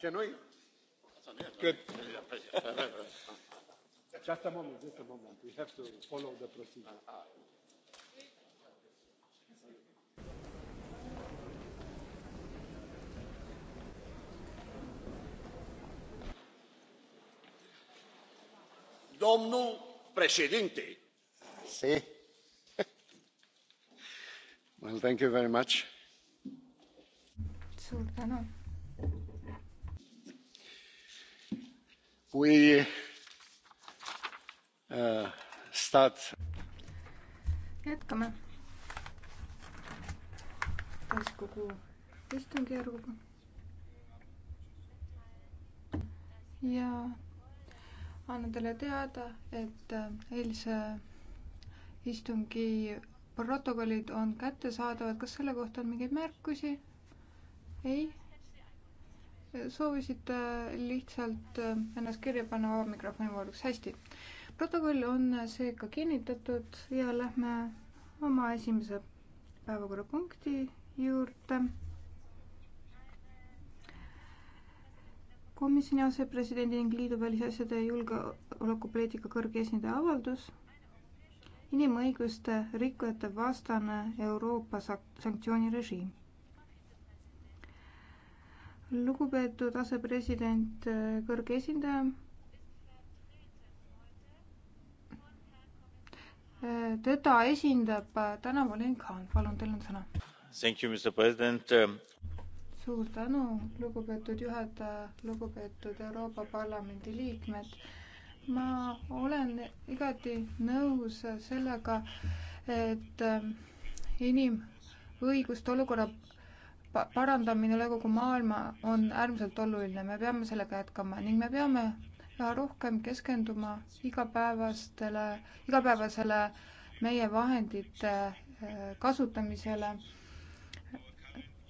Can we? Good. just a moment, just a moment. We have to follow the procedure. Domnul președinte. Sí. well, thank you very much. Suur tänu kui äh, stat. jätkame täiskogu istungjärguga. ja annan teile teada, et äh, eilse istungi protokollid on kättesaadavad. kas selle kohta on mingeid märkusi? ei soovisite lihtsalt äh, ennast kirja panna vaba mikrofoni vooruks. hästi. protokoll on seega kinnitatud ja lähme oma esimese päevakorrapunkti juurde. komisjoni asepresidendi ning liidu välisasjade julgeolekupoliitika kõrge esindaja avaldus inimõiguste rikkujate vastane Euroopa sanktsioonirežiim lugupeetud asepresident, äh, kõrge esindaja. Äh, teda esindab äh, täna Valin Khan, palun, teil on sõna. Um, suur tänu, lugupeetud juhataja, lugupeetud Euroopa Parlamendi liikmed. ma olen igati nõus sellega, et ähm, inimõiguste olukorra parandamine üle kogu maailma on äärmiselt oluline, me peame sellega jätkama ning me peame üha rohkem keskenduma igapäevastele, igapäevasele meie vahendite äh, kasutamisele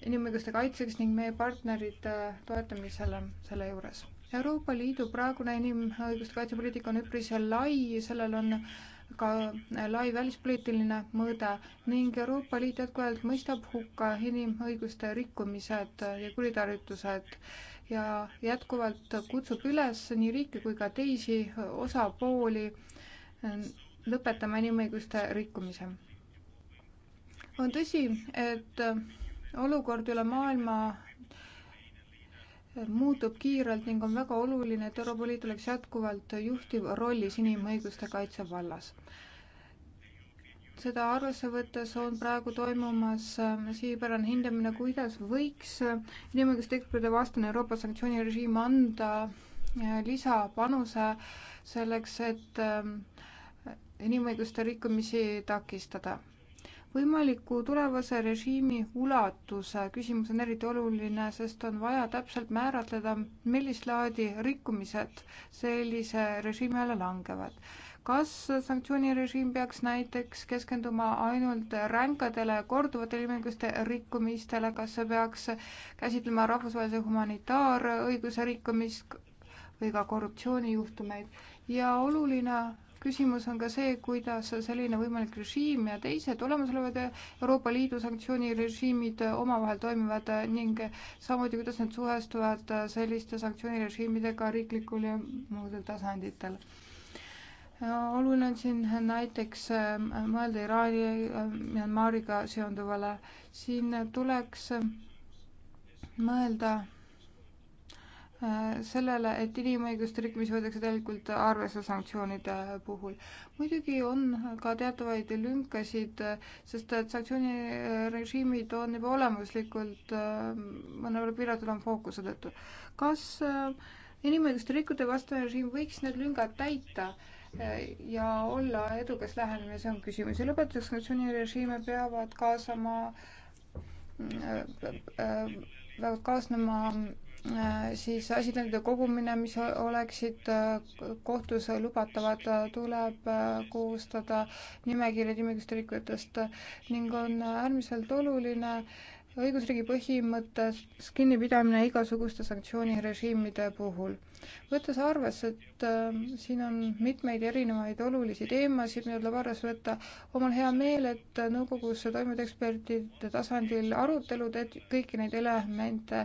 inimõiguste kaitseks ning meie partnerite toetamisele selle juures. Euroopa Liidu praegune inimõiguste kaitsepoliitika on üpris lai, sellel on äh, ka lai välispoliitiline mõõde ning Euroopa Liit jätkuvalt mõistab hukka inimõiguste rikkumised ja kuritarvitused ja jätkuvalt kutsub üles nii riike kui ka teisi osapooli lõpetama inimõiguste rikkumise. on tõsi, et olukord üle maailma muutub kiirelt ning on väga oluline, et Euroopa Liit oleks jätkuvalt juhtiv rollis inimõiguste kaitse vallas. seda arvesse võttes on praegu toimumas ähm, sihipärane hindamine, kuidas võiks äh, inimõiguste ekspertide vastane Euroopa sanktsioonirežiim anda äh, lisapanuse selleks, et ähm, inimõiguste rikkumisi takistada võimaliku tulevase režiimi ulatuse küsimus on eriti oluline, sest on vaja täpselt määratleda, millist laadi rikkumised sellise režiimi alla langevad. kas sanktsioonirežiim peaks näiteks keskenduma ainult ränkadele korduvatele inimõiguste rikkumistele, kas see peaks käsitlema rahvusvahelise humanitaarõiguse rikkumist või ka korruptsioonijuhtumeid ja oluline küsimus on ka see, kuidas selline võimalik režiim ja teised olemasolevad Euroopa Liidu sanktsioonirežiimid omavahel toimivad ning samuti, kuidas need suhestuvad selliste sanktsioonirežiimidega riiklikul ja muudel tasanditel oluline on siin näiteks äh, mõelda Iraani, äh, Myanmariga seonduvale. siin tuleks mõelda Äh, sellele, et inimõiguste rikkumisi võetakse tegelikult arvesse sanktsioonide puhul. muidugi on ka teatavaid lünkasid, sest et sanktsioonirežiimid on juba olemuslikult äh, mõnevõrra piiratud oma fookuse tõttu. kas äh, inimõiguste rikkute vastane režiim võiks need lüngad täita? ja olla edukas lähenemine, see on küsimus. ja lõpetuseks sanktsioonirežiime peavad kaasama, peavad kaasnema Äh, siis asitõendite kogumine, mis oleksid äh, kohtus lubatavad, äh, tuleb koostada nimekirjad inimõiguste rikkujatest ning on äärmiselt oluline õigusriigi põhimõttest kinnipidamine igasuguste sanktsioonirežiimide puhul võttes arvesse, et äh, siin on mitmeid erinevaid olulisi teemasid, mida tuleb arvesse võtta, on mul hea meel, et nõukogus toimuvad ekspertide tasandil arutelud, et kõiki neid elemente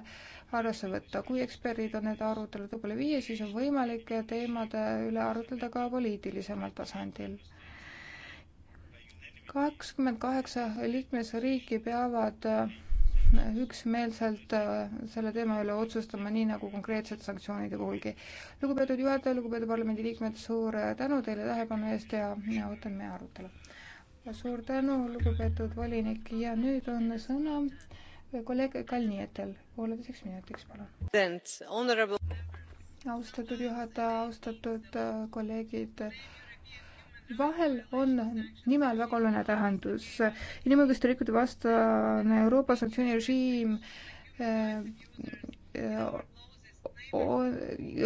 arvesse võtta. kui eksperdid on nende arutelude poole viia, siis on võimalik teemade üle arutleda ka poliitilisemal tasandil kakskümmend kaheksa liikmesriiki peavad äh, üksmeelselt äh, selle teema üle otsustama, nii nagu konkreetsete sanktsioonide puhulgi. lugupeetud juhataja, lugupeetud parlamendiliikmed, suur äh, tänu teile tähelepanu eest ja, ja ootan meie arutelu. suur tänu, lugupeetud volinik ja nüüd on sõna äh, kolleeg Kalnietel pooleteiseks minutiks, palun. austatud juhataja, austatud kolleegid vahel on nimel väga oluline tähendus. inimõiguste rikkude vastane Euroopa sanktsioonirežiim eh, eh,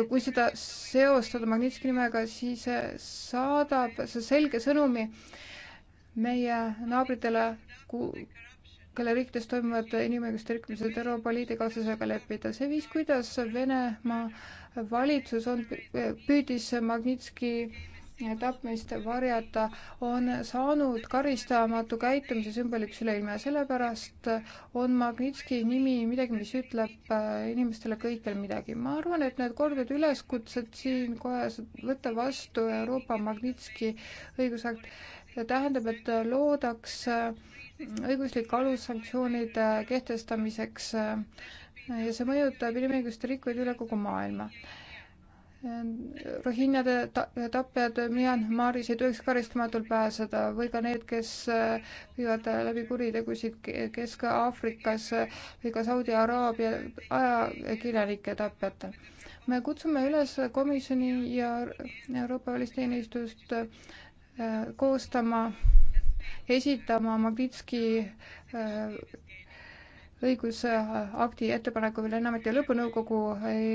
kui seda seostada Magnitski nimega, siis saadab see selge sõnumi meie naabritele, kelle riikides toimuvad inimõiguste rikkumised Euroopa Liiduga otsusega leppida. see viis, kuidas Venemaa valitsus on, püüdis Magnitski tapmist varjata, on saanud karistamatu käitumise sümboliks üleilma ja sellepärast on Magnitski nimi midagi, mis ütleb äh, inimestele kõikjal midagi. ma arvan, et need kordavad üleskutsed siin kohe võtta vastu Euroopa Magnitski õigusakt tähendab, et loodaks äh, õiguslik alus sanktsioonide kehtestamiseks äh, ja see mõjutab inimõiguste rikkujaid üle kogu maailma Ähm, Rohinjade tapjad Myanmaris ei tohiks karistamatult pääseda või ka need, kes äh, viivad äh, läbi kuritegusid Kesk-Aafrikas äh, või ka Saudi Araabia ajakirjanike tapjatel. me kutsume üles komisjoni ja Euroopa Välisteenistust koostama ja esitama Magnitski õigusakti ettepaneku, mille enamik ja lõpunõukogu ei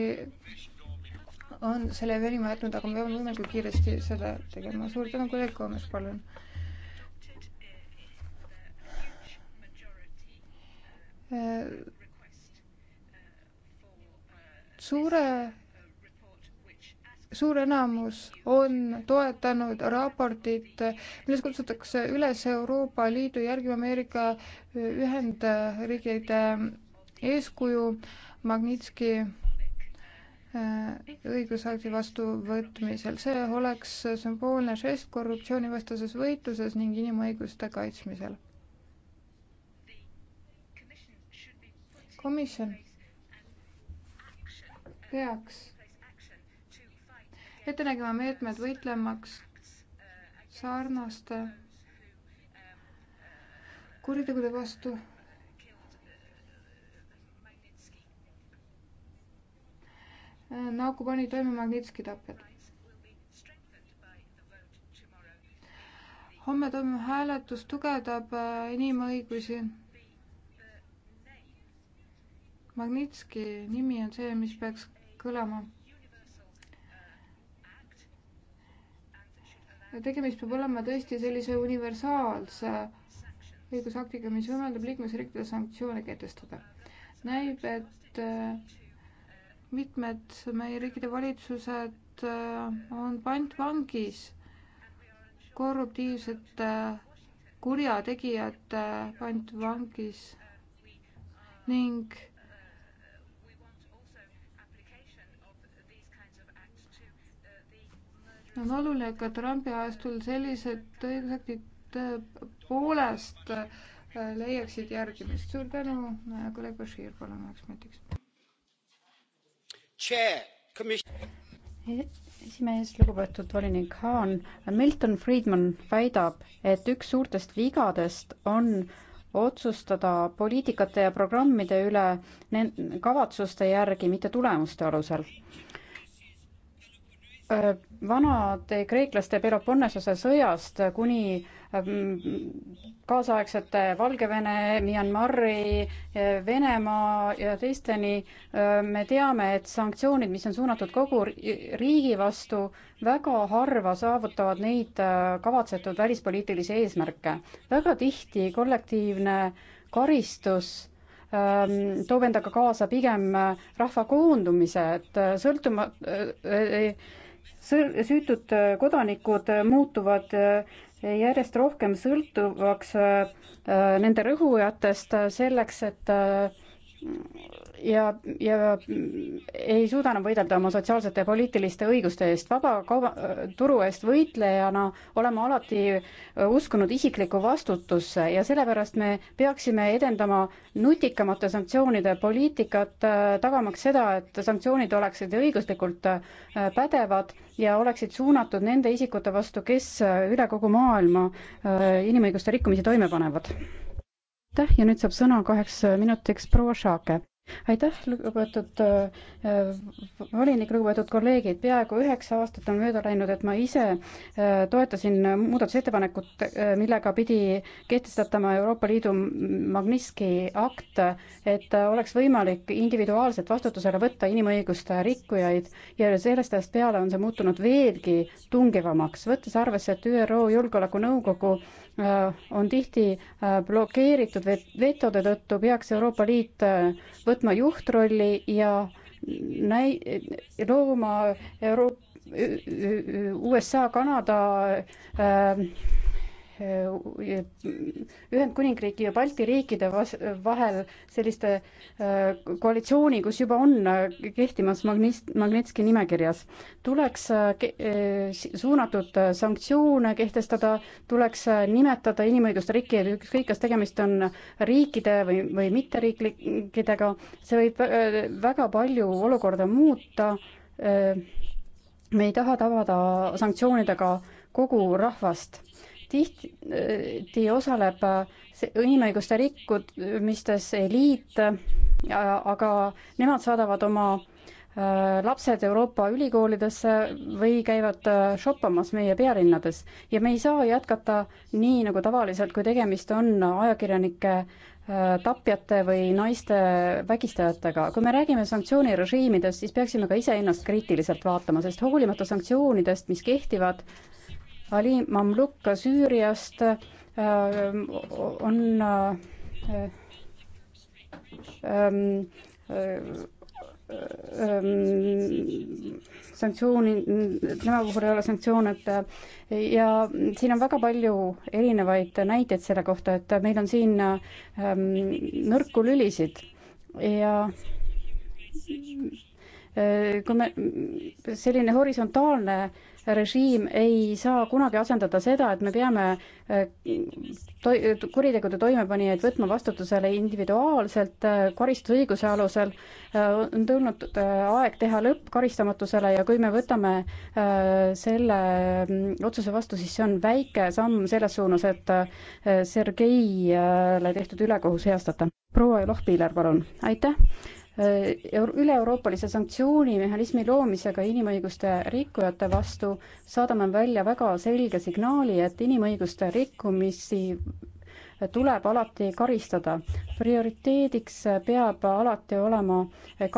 on selle venima jätnud, aga me peame võimalikult kiiresti seda tegema. suur tänu, kolleeg Koomes, palun. Äh, suure, suur enamus on toetanud raportit, milles kutsutakse üles Euroopa Liidu järgima Ameerika Ühendriikide eeskuju Magnitski Äh, õigusakti vastuvõtmisel. see oleks sümboolne žest korruptsioonivastases võitluses ning inimõiguste kaitsmisel. komisjon peaks ette nägema meetmed võitlemaks sarnaste kuritegude vastu Äh, nagu pani toime Magnitski tapjad. homme toimuv hääletus tugevdab äh, inimõigusi. Magnitski nimi on see, mis peaks kõlama. tegemist peab olema tõesti sellise universaalse õigusaktiga, mis võimaldab liikmesriikidele sanktsioone kehtestada. näib, et äh, mitmed meie riikide valitsused äh, on pantvangis korruptiivsete kurjategijate pantvangis ning on oluline ka Trumpi ajastul sellised õigusaktid tõepoolest äh, äh, leiaksid järgimist. suur tänu, kolleeg Bashir, palun üheks minutiks esimees, lugupeetud volinik Haan, Milton Friedman väidab, et üks suurtest vigadest on otsustada poliitikate ja programmide üle kavatsuste järgi, mitte tulemuste alusel vanade kreeklaste Peloponnesose sõjast kuni mm, kaasaegsete Valgevene, Myanmari, Venemaa ja teisteni me teame, et sanktsioonid, mis on suunatud kogu riigi vastu, väga harva saavutavad neid äh, kavatsetud välispoliitilisi eesmärke. väga tihti kollektiivne karistus ähm, toob endaga kaasa pigem äh, rahva koondumise, et äh, sõltuma, süütud äh, kodanikud äh, muutuvad äh, järjest rohkem sõltuvaks nende rõhujatest selleks, et ja, ja ei suuda enam võidelda oma sotsiaalsete ja poliitiliste õiguste eest. vaba kauba, äh, turu eest võitlejana oleme alati äh, uskunud isiklikku vastutusse ja sellepärast me peaksime edendama nutikamate sanktsioonide poliitikat, äh, tagamaks seda, et sanktsioonid oleksid õiguslikult pädevad ja oleksid suunatud nende isikute vastu, kes üle kogu maailma inimõiguste rikkumisi toime panevad aitäh ja nüüd saab sõna kaheks minutiks proua Šaake aitäh, lugupeetud äh, volinik, lugupeetud kolleegid, peaaegu üheksa aastat on mööda läinud, et ma ise äh, toetasin muudatusettepanekut, äh, millega pidi kehtestatama Euroopa Liidu Magnitski akt, et oleks võimalik individuaalselt vastutusele võtta inimõiguste rikkujaid ja sellest ajast peale on see muutunud veelgi tungivamaks, võttes arvesse, et ÜRO Julgeolekunõukogu on tihti blokeeritud vetode tõttu, peaks Euroopa Liit võtma juhtrolli ja näi-, looma Euroopa USA, Kanada äh, Ühendkuningriigi ja Balti riikide vahel selliste äh, koalitsiooni, kus juba on äh, kehtimas magnist-, Magnitski nimekirjas. tuleks äh, suunatud sanktsioone kehtestada, tuleks nimetada inimõiguste rikkujaid, ükskõik, kas tegemist on riikide või, või mitteriiklikidega, see võib väga palju olukorda muuta, me ei taha tabada sanktsioonidega kogu rahvast tihti osaleb inimõiguste rikkumistes eliit, aga nemad saadavad oma äh, lapsed Euroopa ülikoolidesse või käivad äh, shoppamas meie pealinnades ja me ei saa jätkata nii nagu tavaliselt, kui tegemist on ajakirjanike äh, tapjate või naiste vägistajatega. kui me räägime sanktsioonirežiimidest, siis peaksime ka iseennast kriitiliselt vaatama, sest hoolimata sanktsioonidest, mis kehtivad, Ali Mamluk Süüriast äh, on äh, ähm, äh, ähm, sanktsiooni, tema puhul ei ole sanktsioone, et ja siin on väga palju erinevaid näiteid selle kohta, et meil on siin ähm, nõrku lülisid ja kui me, selline horisontaalne äh, režiim ei saa kunagi asendada seda, et me peame äh, toi-, kuritegude toimepanijaid võtma vastutusele individuaalselt äh, karistusõiguse alusel, äh, on tulnud aeg teha lõpp karistamatusele ja kui me võtame selle mm, otsuse vastu, siis see on väike samm selles suunas, et Sergeile tehtud ülekohus heastada. proua Lohpiiler, palun. aitäh! Äh, üle-euroopalise sanktsioonimehhanismi loomisega inimõiguste rikkujate vastu saadame välja väga selge signaali, et inimõiguste rikkumisi tuleb alati karistada. prioriteediks peab alati olema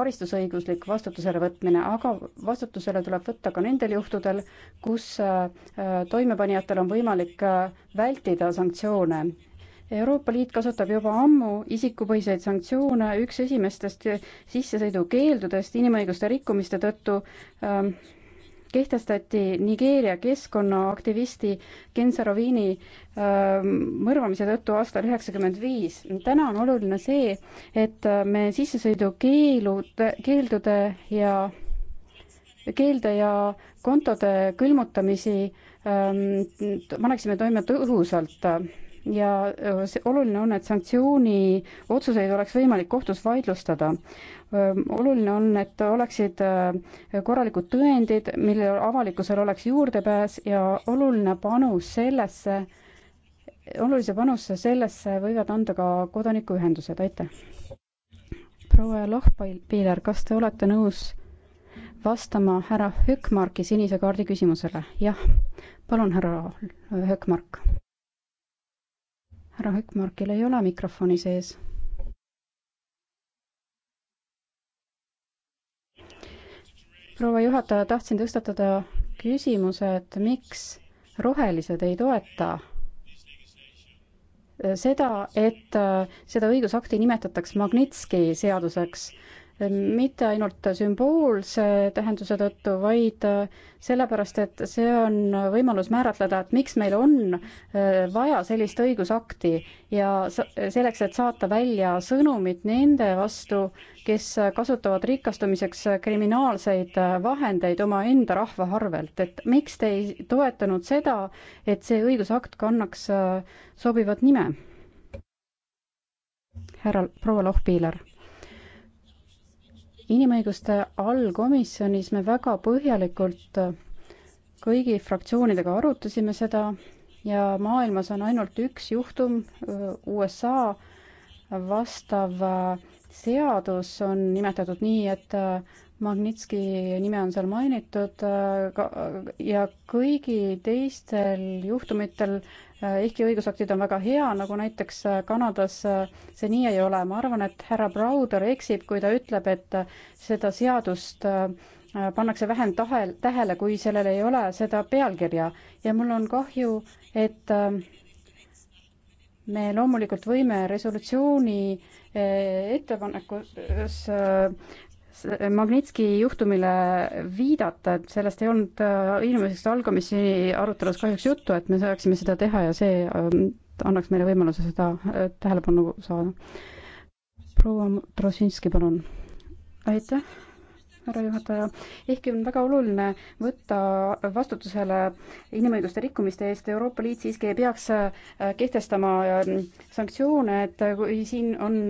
karistusõiguslik vastutusele võtmine, aga vastutusele tuleb võtta ka nendel juhtudel, kus äh, toimepanijatel on võimalik äh, vältida sanktsioone Euroopa Liit kasutab juba ammu isikupõhiseid sanktsioone, üks esimestest sissesõidukeeldudest inimõiguste rikkumiste tõttu ähm, kehtestati Nigeeria keskkonnaaktivisti Ken Sarovini ähm, mõrvamise tõttu aastal üheksakümmend viis. täna on oluline see, et äh, me sissesõidukeelud, keeldude ja keelde ja kontode külmutamisi ähm, paneksime toime tõhusalt ja see oluline on, et sanktsiooni otsuseid oleks võimalik kohtus vaidlustada. oluline on, et oleksid korralikud tõendid, millele avalikkusel oleks juurdepääs ja oluline panus sellesse, olulise panuse sellesse võivad anda ka kodanikuühendused, aitäh. proua Lohpiiler, kas te olete nõus vastama härra Hökmarki sinise kaardi küsimusele? jah, palun, härra Hökmark härra Hökmarkil ei ole mikrofoni sees. proua juhataja, tahtsin tõstatada küsimuse, et miks rohelised ei toeta seda, et äh, seda õigusakti nimetataks Magnitski seaduseks mitte ainult sümboolse tähenduse tõttu, vaid äh, sellepärast, et see on võimalus määratleda, et miks meil on äh, vaja sellist õigusakti ja selleks, et saata välja sõnumid nende vastu, kes kasutavad rikastumiseks kriminaalseid äh, vahendeid omaenda rahva arvelt, et miks te ei toetanud seda, et see õigusakt kannaks sobivat nime? härra, proua Lohpiiler inimõiguste allkomisjonis me väga põhjalikult kõigi fraktsioonidega arutasime seda ja maailmas on ainult üks juhtum, USA vastav seadus on nimetatud nii, et Magnitski nime on seal mainitud ja kõigi teistel juhtumitel ehkki õigusaktid on väga hea, nagu näiteks Kanadas see nii ei ole. ma arvan, et härra Browder eksib, kui ta ütleb, et seda seadust äh, pannakse vähem tahel, tähele, kui sellel ei ole seda pealkirja ja mul on kahju, et äh, me loomulikult võime resolutsiooni äh, ettepanekus Magnitski juhtumile viidata, et sellest ei olnud äh, inimeseks allkomisjoni arutelus kahjuks juttu, et me saaksime seda teha ja see äh, annaks meile võimaluse seda äh, tähelepanu saada. proua Trosinski, palun. aitäh, härra juhataja. ehkki on väga oluline võtta vastutusele inimõiguste rikkumiste eest, Euroopa Liit siiski ei peaks kehtestama sanktsioone, et kui siin on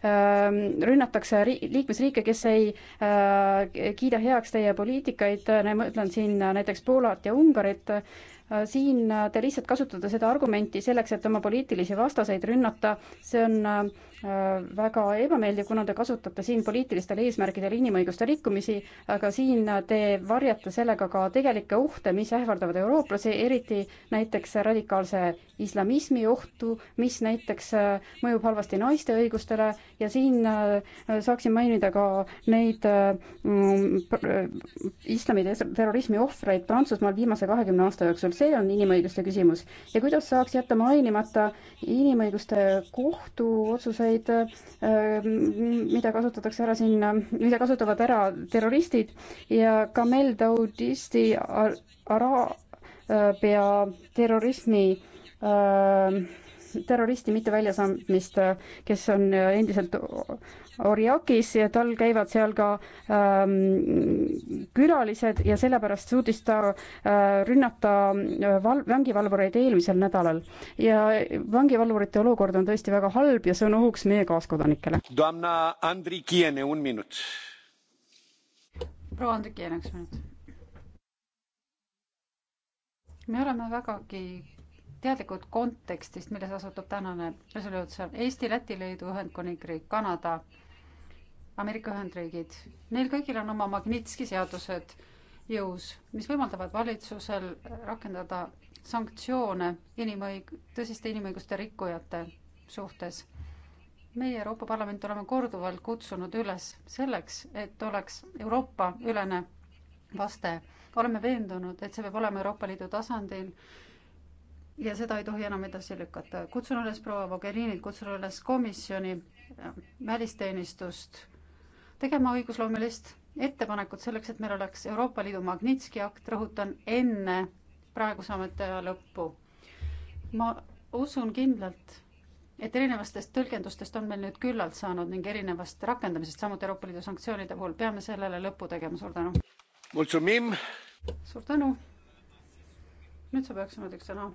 Ehm, rünnatakse liikmesriike, kes ei äh, kiida heaks teie poliitikaid, äh, mõtlen siin äh, näiteks Poolat ja Ungarit, siin te lihtsalt kasutate seda argumenti selleks, et oma poliitilisi vastaseid rünnata, see on Äh, väga ebameeldiv, kuna te kasutate siin poliitilistel eesmärkidel inimõiguste rikkumisi, aga siin te varjate sellega ka tegelikke ohte, mis ähvardavad eurooplasi, eriti näiteks radikaalse islamismi ohtu, mis näiteks äh, mõjub halvasti naiste õigustele ja siin äh, saaksin mainida ka neid mm, islami terrorismi ohvreid Prantsusmaal viimase kahekümne aasta jooksul, see on inimõiguste küsimus. ja kuidas saaks jätta mainimata inimõiguste kohtu otsuseid, vahendeid, äh, mida kasutatakse ära siin, mida kasutavad ära terroristid ja Kamel Daudisti Araabia terrorismi äh, terroristi mitte väljasaamist, kes on endiselt Oriakis ja tal käivad seal ka ähm, külalised ja sellepärast suutis ta äh, rünnata äh, val-, vangivalvureid eelmisel nädalal. ja vangivalvurite olukord on tõesti väga halb ja see on ohuks meie kaaskodanikele. proua Andrikiene, üks minut. me oleme vägagi teadlikud kontekstist, milles asutub tänane resolutsioon. Eesti, Läti, Leedu, Ühendkuningriik, Kanada, Ameerika Ühendriigid, neil kõigil on oma Magnitski seadused jõus, mis võimaldavad valitsusel rakendada sanktsioone inimõig-, tõsiste inimõiguste rikkujate suhtes. meie Euroopa Parlament oleme korduvalt kutsunud üles selleks, et oleks Euroopa-ülene vaste. oleme veendunud, et see peab olema Euroopa Liidu tasandil äh, ja seda ei tohi enam edasi lükata. kutsun üles proua Mogherinit, kutsun üles komisjoni, äh, välisteenistust tegema õigusloomelist ettepanekut selleks, et meil oleks Euroopa Liidu Magnitski akt, rõhutan, enne praeguse ametiaja lõppu. ma usun kindlalt, et erinevatest tõlgendustest on meil nüüd küllalt saanud ning erinevast rakendamisest, samuti Euroopa Liidu sanktsioonide puhul, peame sellele lõpu tegema, suur tänu. suur tänu. nüüd sa peaks andma üks sõna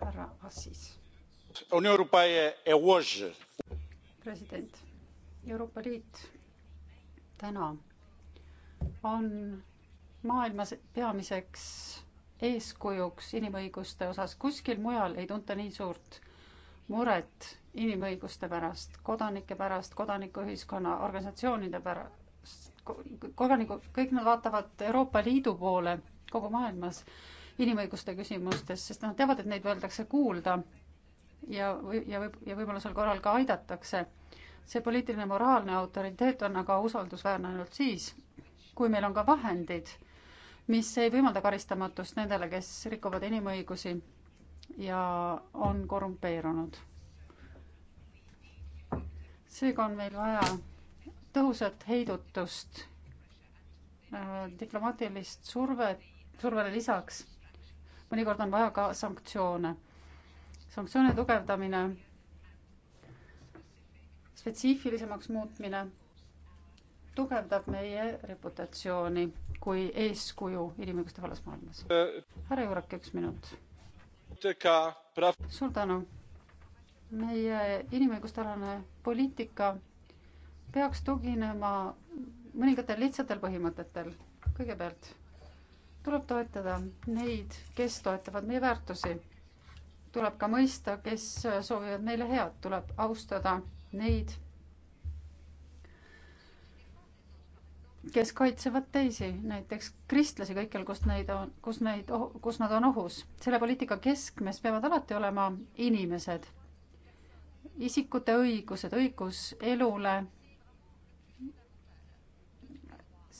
härra Assis. E president, Euroopa Liit täna on maailmas peamiseks eeskujuks inimõiguste osas, kuskil mujal ei tunta nii suurt muret inimõiguste pärast, kodanike pärast, kodanikuühiskonna organisatsioonide pärast, kodaniku, kõik nad vaatavad Euroopa Liidu poole kogu maailmas inimõiguste küsimustes, sest nad teavad, et neid võetakse kuulda ja, ja võib, ja võib-olla sel korral ka aidatakse. see poliitiline moraalne autoriteet on aga usaldusväärne ainult siis, kui meil on ka vahendid, mis ei võimalda karistamatust nendele, kes rikuvad inimõigusi ja on korrumpeerunud. seega on meil vaja tõhusat heidutust, äh, diplomaatilist survet, survele lisaks mõnikord on vaja ka sanktsioone. sanktsioone tugevdamine, spetsiifilisemaks muutmine tugevdab meie reputatsiooni kui eeskuju inimõiguste vallas maailmas. härra Jurek, üks minut. suur tänu. meie inimõigustealane poliitika peaks tuginema mõningatel lihtsatel põhimõtetel. kõigepealt tuleb toetada neid, kes toetavad meie väärtusi. tuleb ka mõista, kes soovivad meile head, tuleb austada neid, kes kaitsevad teisi, näiteks kristlasi kõikjal, kus neid on, kus neid, kus nad on ohus. selle poliitika keskmes peavad alati olema inimesed, isikute õigused, õigus elule.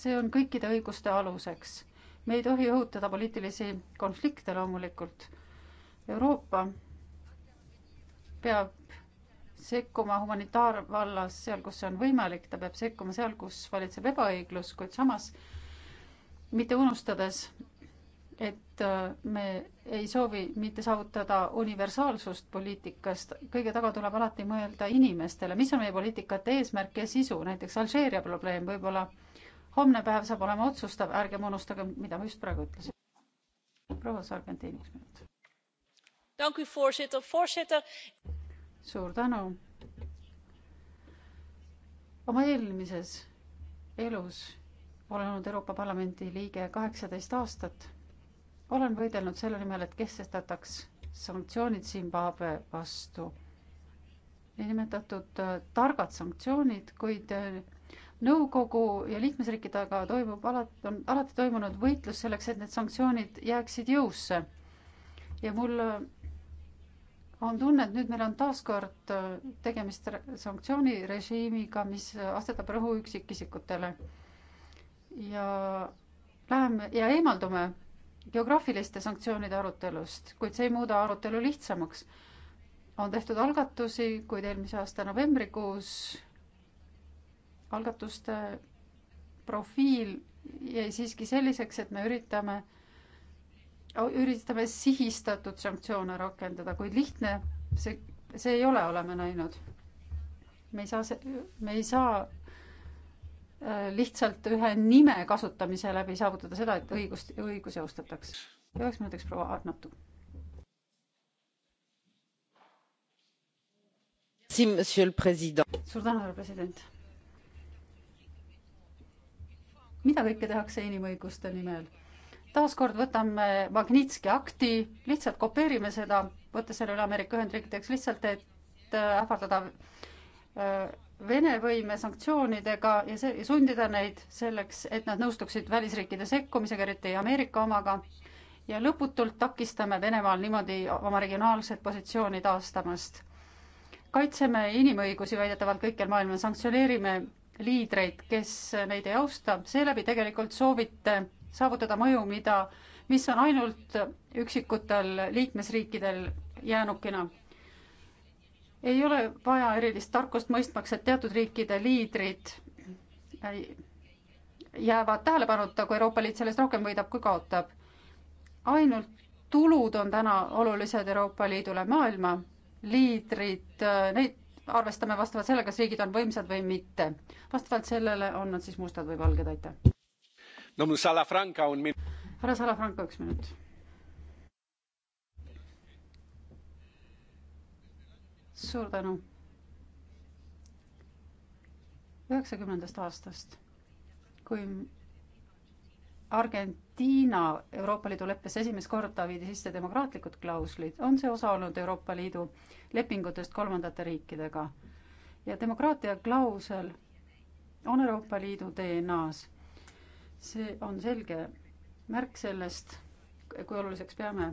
see on kõikide õiguste aluseks me ei tohi õhutada poliitilisi konflikte loomulikult. Euroopa peab sekkuma humanitaarvallas seal, kus see on võimalik, ta peab sekkuma seal, kus valitseb ebaõiglus, kuid samas mitte unustades, et äh, me ei soovi mitte saavutada universaalsust poliitikast, kõige taga tuleb alati mõelda inimestele, mis on meie poliitikate eesmärk ja sisu, näiteks Alžeeria probleem võib-olla homne päev saab olema otsustav, ärgem unustagem, mida ma just praegu ütlesin. proua Sargentini, üks minut. suur tänu. oma eelmises elus olen olnud Euroopa Parlamendi liige kaheksateist aastat. olen võidelnud selle nimel, et kehtestataks sanktsioonid Zimbabwe vastu. niinimetatud äh, targad sanktsioonid, kuid äh, nõukogu ja liikmesriikidega toimub alati, on alati toimunud võitlus selleks, et need sanktsioonid jääksid jõusse. ja mul äh, on tunne, et nüüd meil on taaskord äh, tegemist sanktsioonirežiimiga, mis asetab rõhu üksikisikutele. ja läheme ja eemaldume geograafiliste sanktsioonide arutelust, kuid see ei muuda arutelu lihtsamaks. on tehtud algatusi, kuid eelmise aasta novembrikuus algatuste profiil jäi siiski selliseks, et me üritame, üritame sihistatud sanktsioone rakendada, kuid lihtne see, see ei ole, oleme näinud. me ei saa, me ei saa äh, lihtsalt ühe nime kasutamise läbi saavutada seda, et õigust, õigus jõustatakse. üheks minutiks proua Arnatu. suur tänu, härra president mida kõike tehakse inimõiguste nimel. taaskord võtame Magnitski akti, lihtsalt kopeerime seda, võttes selle üle Ameerika Ühendriikideks lihtsalt, et äh, ähvardada äh, Vene võime sanktsioonidega ja see, ja sundida neid selleks, et nad nõustuksid välisriikide sekkumisega, eriti Ameerika omaga, ja lõputult takistame Venemaal niimoodi oma regionaalset positsiooni taastamast. kaitseme inimõigusi väidetavalt kõikjal maailmas, sanktsioneerime liidreid, kes neid ei austa, seeläbi tegelikult soovite saavutada mõju, mida, mis on ainult üksikutel liikmesriikidel jäänukina. ei ole vaja erilist tarkust mõistmaks, et teatud riikide liidrid jäävad tähelepanuta, kui Euroopa Liit sellest rohkem võidab, kui kaotab. ainult tulud on täna olulised Euroopa Liidule, maailma liidrid, neid arvestame vastavalt sellele, kas riigid on võimsad või mitte. vastavalt sellele on nad siis mustad või valged, aitäh. härra Salafranca, üks minut. suur tänu. üheksakümnendast aastast, kui Argent-, Palestiina Euroopa Liidu leppesse esimest korda viidi sisse demokraatlikud klauslid, on see osa olnud Euroopa Liidu lepingutest kolmandate riikidega. ja demokraatia klausel on Euroopa Liidu DNA-s. see on selge märk sellest, kui oluliseks peame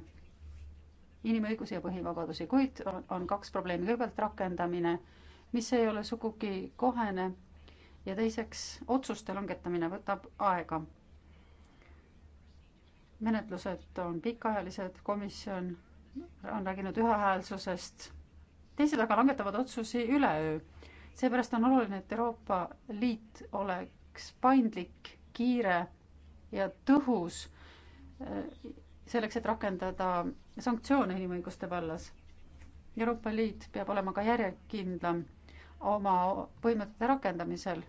inimõigusi ja põhivabadusi, kuid on, on kaks probleemi, kõigepealt rakendamine, mis ei ole sugugi kohene ja teiseks otsuste langetamine võtab aega menetlused on pikaajalised, komisjon on rääkinud ühehäälsusest, teised aga langetavad otsusi üleöö. seepärast on oluline, et Euroopa Liit oleks paindlik, kiire ja tõhus eh, selleks, et rakendada sanktsioone inimõiguste vallas. Euroopa Liit peab olema ka järjekindlam oma põhimõtete rakendamisel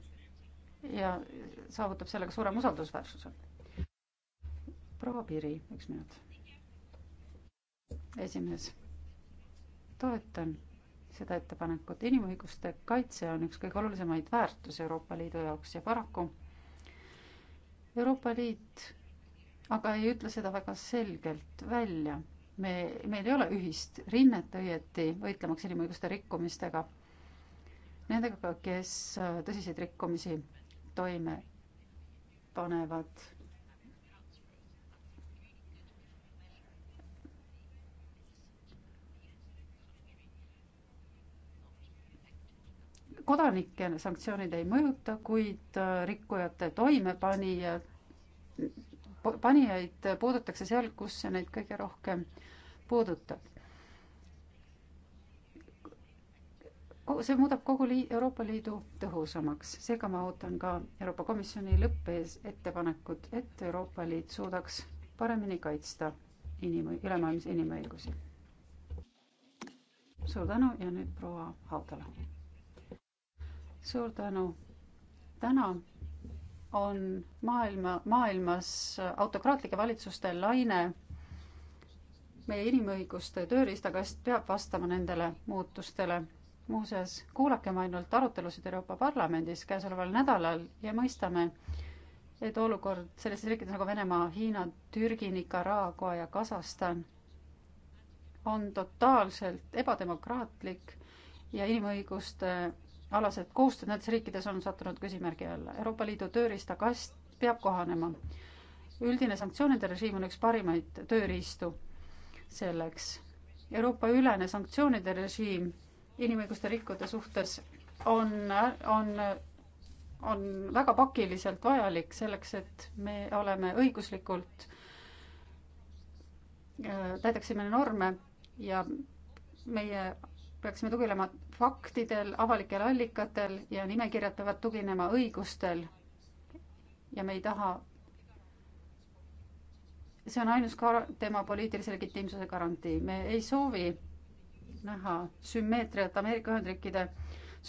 ja saavutab sellega suurema usaldusväärsuse proua Piri, üks minut. esimees, toetan seda ettepanekut. inimõiguste kaitse on üks kõige olulisemaid väärtusi Euroopa Liidu jaoks ja paraku Euroopa Liit aga ei ütle seda väga selgelt välja. me, meil ei ole ühist rinnet õieti võitlemaks inimõiguste rikkumistega. Nendega, kes äh, tõsiseid rikkumisi toime panevad kodanikke sanktsioonid ei mõjuta, kuid äh, rikkujate toimepanijad, panijaid puudutakse seal, kus see neid kõige rohkem puudutab. see muudab kogu lii-, Euroopa Liidu tõhusamaks, seega ma ootan ka Euroopa Komisjoni lõppees ettepanekut, et Euroopa Liit suudaks paremini kaitsta inim-, ülemaailmse inimõigusi. suur tänu ja nüüd proua Haudala suur tänu. täna on maailma, maailmas autokraatlike valitsuste laine. meie inimõiguste tööriistakast peab vastama nendele muutustele. muuseas, kuulakem ainult arutelusid Euroopa Parlamendis käesoleval nädalal ja mõistame, et olukord sellistes riikides nagu Venemaa, Hiina, Türgi, Nicaragua ja Kasahstan on totaalselt ebademokraatlik ja inimõiguste alased koostööd nendes riikides on sattunud küsimärgi alla. Euroopa Liidu tööriistakast peab kohanema. üldine sanktsioonide režiim on üks parimaid tööriistu selleks. Euroopa ülene sanktsioonide režiim inimõiguste rikkujate suhtes on, on, on väga pakiliselt vajalik selleks, et me oleme õiguslikult, äh, täidaksime norme ja meie peaksime tuginema faktidel, avalikel allikatel ja nimekirjad peavad tuginema õigustel. ja me ei taha. see on ainus ka tema poliitilise legitiimsuse garantii, me ei soovi näha sümmeetriat Ameerika Ühendriikide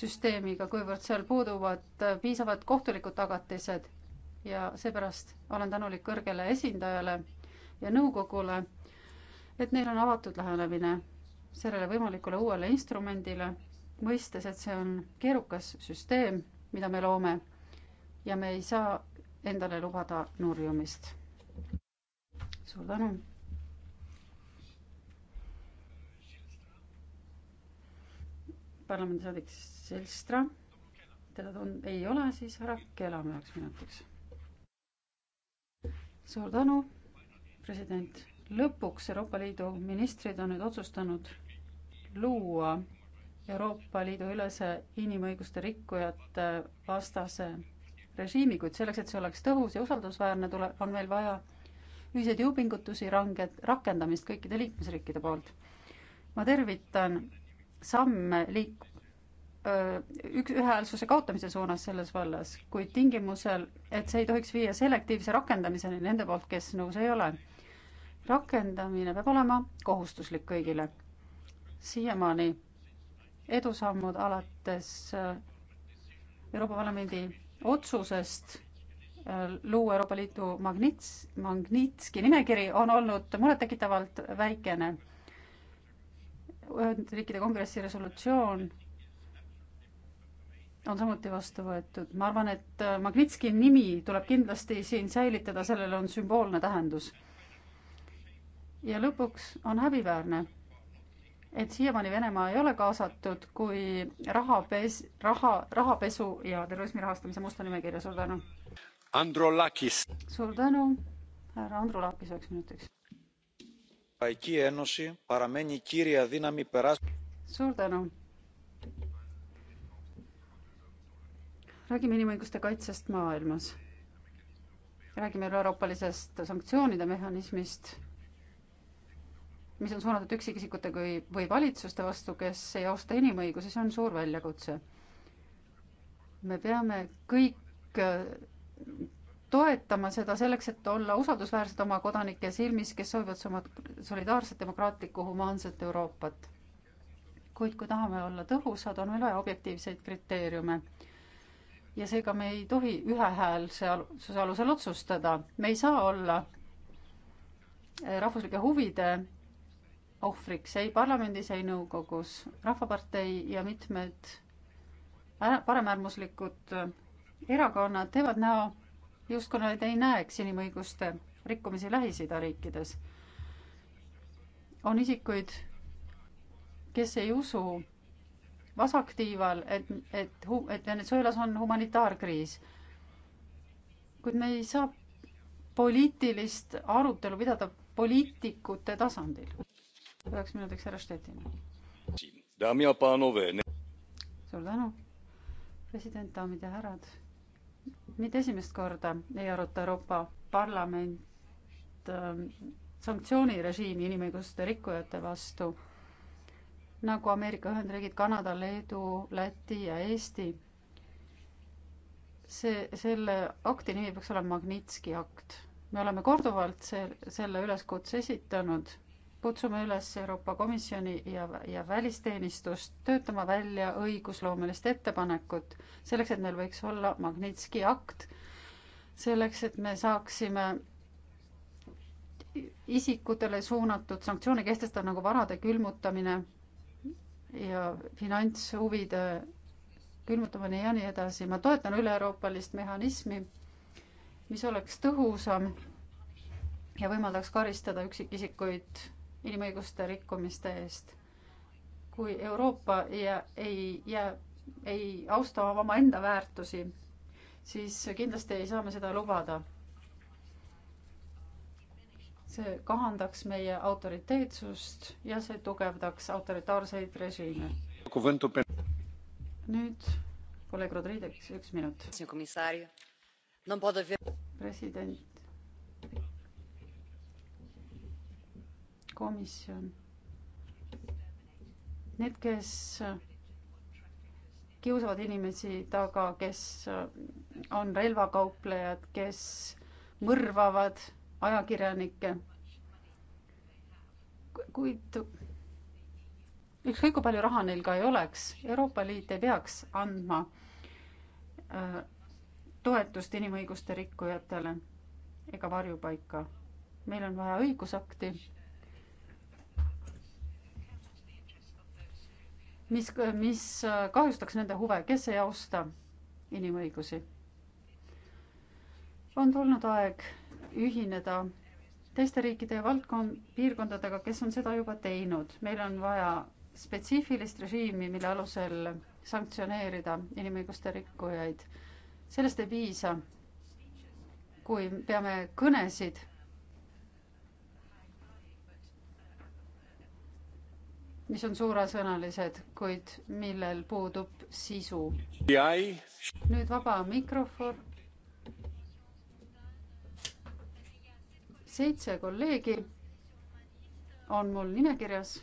süsteemiga, kuivõrd seal puuduvad piisavad kohtulikud tagatised ja seepärast olen tänulik kõrgele esindajale ja nõukogule, et neil on avatud lähenemine sellele võimalikule uuele instrumendile, mõistes, et see on keerukas süsteem, mida me loome ja me ei saa endale lubada nurjumist. suur tänu. parlamendisaadik Selstra, teda tund-, ei ole, siis härra Kelam üheks minutiks. suur tänu, president lõpuks Euroopa Liidu ministrid on nüüd otsustanud luua Euroopa Liidu ülese inimõiguste rikkujate vastase režiimi, kuid selleks, et see oleks tõhus ja usaldusväärne, tule-, on meil vaja ühiseid jõupingutusi, ranged, rakendamist kõikide liikmesriikide poolt. ma tervitan samme liik-, üks, ühehäälsuse kaotamise suunas selles vallas, kuid tingimusel, et see ei tohiks viia selektiivse rakendamiseni nende poolt, kes nõus ei ole rakendamine peab olema kohustuslik kõigile. siiamaani edusammud alates äh, Euroopa Parlamendi otsusest äh, luua Euroopa Liidu magnits, magnitski nimekiri on olnud murettekitavalt väikene. Ühendriikide Kongressi resolutsioon on samuti vastu võetud. ma arvan, et äh, Magnitski nimi tuleb kindlasti siin säilitada, sellel on sümboolne tähendus ja lõpuks on häbiväärne, et siiamaani Venemaa ei ole kaasatud, kui rahapes, raha, rahapesu ja terrorismi rahastamise musta nimekirja, suur tänu. Androlakis. suur tänu, härra Androlakis üheks minutiks. suur tänu. räägime inimõiguste kaitsest maailmas. räägime üle-euroopalisest sanktsioonide mehhanismist mis on suunatud üksikisikute kui, või valitsuste vastu, kes ei austa inimõigusi, see on suur väljakutse. me peame kõik äh, toetama seda selleks, et olla usaldusväärsed oma kodanike silmis, kes soovivad solidaarset, demokraatlikku, humaanset Euroopat. kuid kui tahame olla tõhusad, on meil vaja objektiivseid kriteeriume ja seega me ei tohi ühehäälse alusel otsustada. me ei saa olla äh, rahvuslike huvide ohvriks ei parlamendis, ei nõukogus. rahvapartei ja mitmed paremäärmuslikud äh, erakonnad teevad näo, justkui nad ei näeks inimõiguste rikkumisi Lähis-Ida riikides. on isikuid, kes ei usu vasaktiival, et, et, et Venezuelas on humanitaarkriis. kuid me ei saa poliitilist arutelu pidada poliitikute tasandil üheks minutiks härra Štetina. suur tänu, president, daamid ja härrad. mitte esimest korda ei aruta Euroopa Parlament äh, sanktsioonirežiimi inimõiguste rikkujate vastu, nagu Ameerika Ühendriigid, Kanada, Leedu, Läti ja Eesti. see, selle akti nimi peaks olema Magnitski akt. me oleme korduvalt see, selle üleskutse esitanud kutsume üles Euroopa Komisjoni ja, ja välisteenistust töötama välja õigusloomelist ettepanekut selleks, et meil võiks olla Magnitski akt, selleks, et me saaksime isikutele suunatud sanktsioone kehtestada nagu varade külmutamine ja finantshuvide külmutamine ja nii edasi. ma toetan üle-euroopalist mehhanismi, mis oleks tõhusam ja võimaldaks karistada üksikisikuid inimõiguste rikkumiste eest. kui Euroopa ja ei jää, ei austa omaenda väärtusi, siis kindlasti ei saa me seda lubada. see kahandaks meie autoriteetsust ja see tugevdaks autoritaarseid režiime. nüüd kolleeg Rodriguez, üks minut. president komisjon. Need, kes kiusavad inimesi taga, kes on relvakauplejad, kes mõrvavad ajakirjanikke. kuid ükskõik kui palju raha neil ka ei oleks, Euroopa Liit ei peaks andma äh, toetust inimõiguste rikkujatele ega varjupaika. meil on vaja õigusakti mis, mis äh, kahjustaks nende huve, kes ei austa inimõigusi. on tulnud aeg ühineda teiste riikide ja valdkond, piirkondadega, kes on seda juba teinud. meil on vaja spetsiifilist režiimi, mille alusel sanktsioneerida inimõiguste rikkujaid. sellest ei piisa, kui peame kõnesid mis on suuresõnalised, kuid millel puudub sisu. nüüd vaba mikrofon. seitse kolleegi on mul nimekirjas.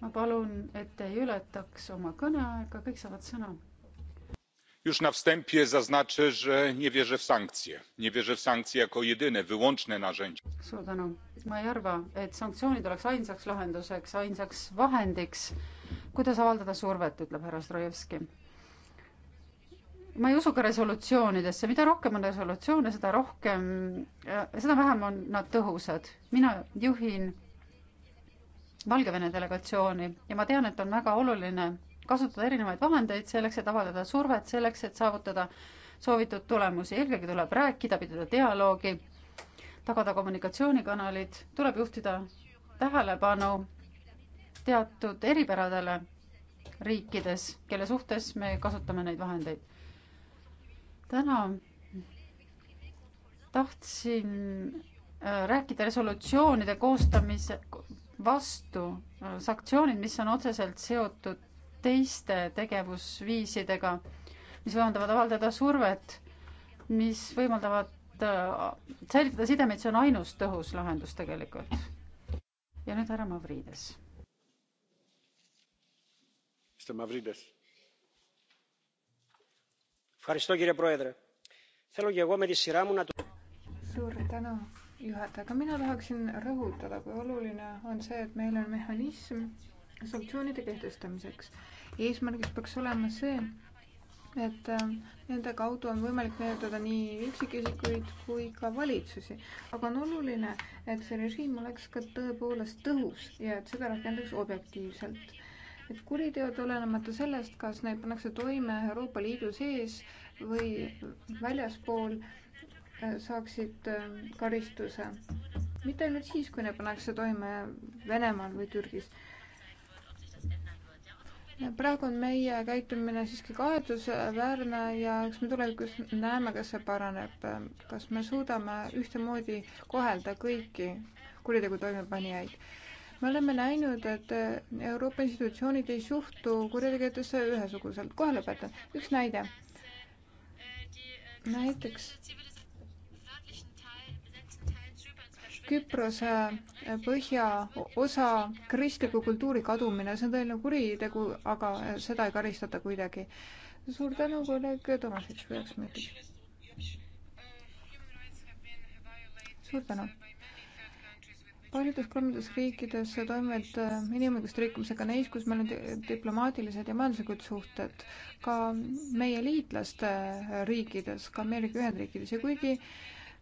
ma palun, et te ei ületaks oma kõneaega, kõik saavad sõna. Już na wstępie zaznaczę, że nie wierzę w sankcje. Nie wierzę w sankcje jako jedyne, wyłączne narzędzie suur tänu. ma ei arva, et sanktsioonid oleks ainsaks lahenduseks, ainsaks vahendiks, kuidas avaldada survet, ütleb härra Zdrojevski. ma ei usu ka resolutsioonidesse, mida rohkem on resolutsioone, seda rohkem, seda vähem on nad tõhusad. mina juhin Valgevene delegatsiooni ja ma tean, et on väga oluline kasutada erinevaid vahendeid selleks, et avaldada survet, selleks, et saavutada soovitud tulemusi, eelkõige tuleb rääkida, pidada dialoogi tagada kommunikatsioonikanalid, tuleb juhtida tähelepanu teatud eripäradele riikides, kelle suhtes me kasutame neid vahendeid. täna tahtsin äh, rääkida resolutsioonide koostamise vastu, äh, sanktsioonid, mis on otseselt seotud teiste tegevusviisidega, mis võimaldavad avaldada survet, mis võimaldavad et äh, säilitada sidemeid, see on ainus tõhus lahendus tegelikult. ja nüüd härra Mavrides. Mavrides. suur tänu, juhataja, aga mina tahaksin rõhutada, kui oluline on see, et meil on mehhanism sanktsioonide kehtestamiseks. eesmärgiks peaks olema see, et äh, nende kaudu on võimalik mõjutada nii üksikisikuid kui ka valitsusi. aga on oluline, et see režiim oleks ka tõepoolest tõhus ja et seda rakendataks objektiivselt. et kuriteod, olenemata sellest, kas neid pannakse toime Euroopa Liidu sees või väljaspool, äh, saaksid äh, karistuse. mitte ainult siis, kui need pannakse toime Venemaal või Türgis praegu on meie käitumine siiski kahetsusväärne ja eks me tulevikus näeme, kas see paraneb, kas me suudame ühtemoodi kohelda kõiki kuritegu toimepanijaid. me oleme näinud, et Euroopa institutsioonid ei suhtu kuritegudesse ühesuguselt. kohe lõpetan, üks näide. näiteks Küprose äh, põhjaosa kristliku kultuuri kadumine, see on tõeline kuritegu, aga äh, seda ei karistata kuidagi. suur tänu, kolleeg Tomasitš, üheks minutiks. suur tänu. paljudes kolmandates riikides toimuvad äh, inimõiguste rikkumisega neis, kus meil on diplomaatilised ja majanduslikud suhted, ka meie liitlaste riikides, ka Ameerika Ühendriikides ja kuigi äh,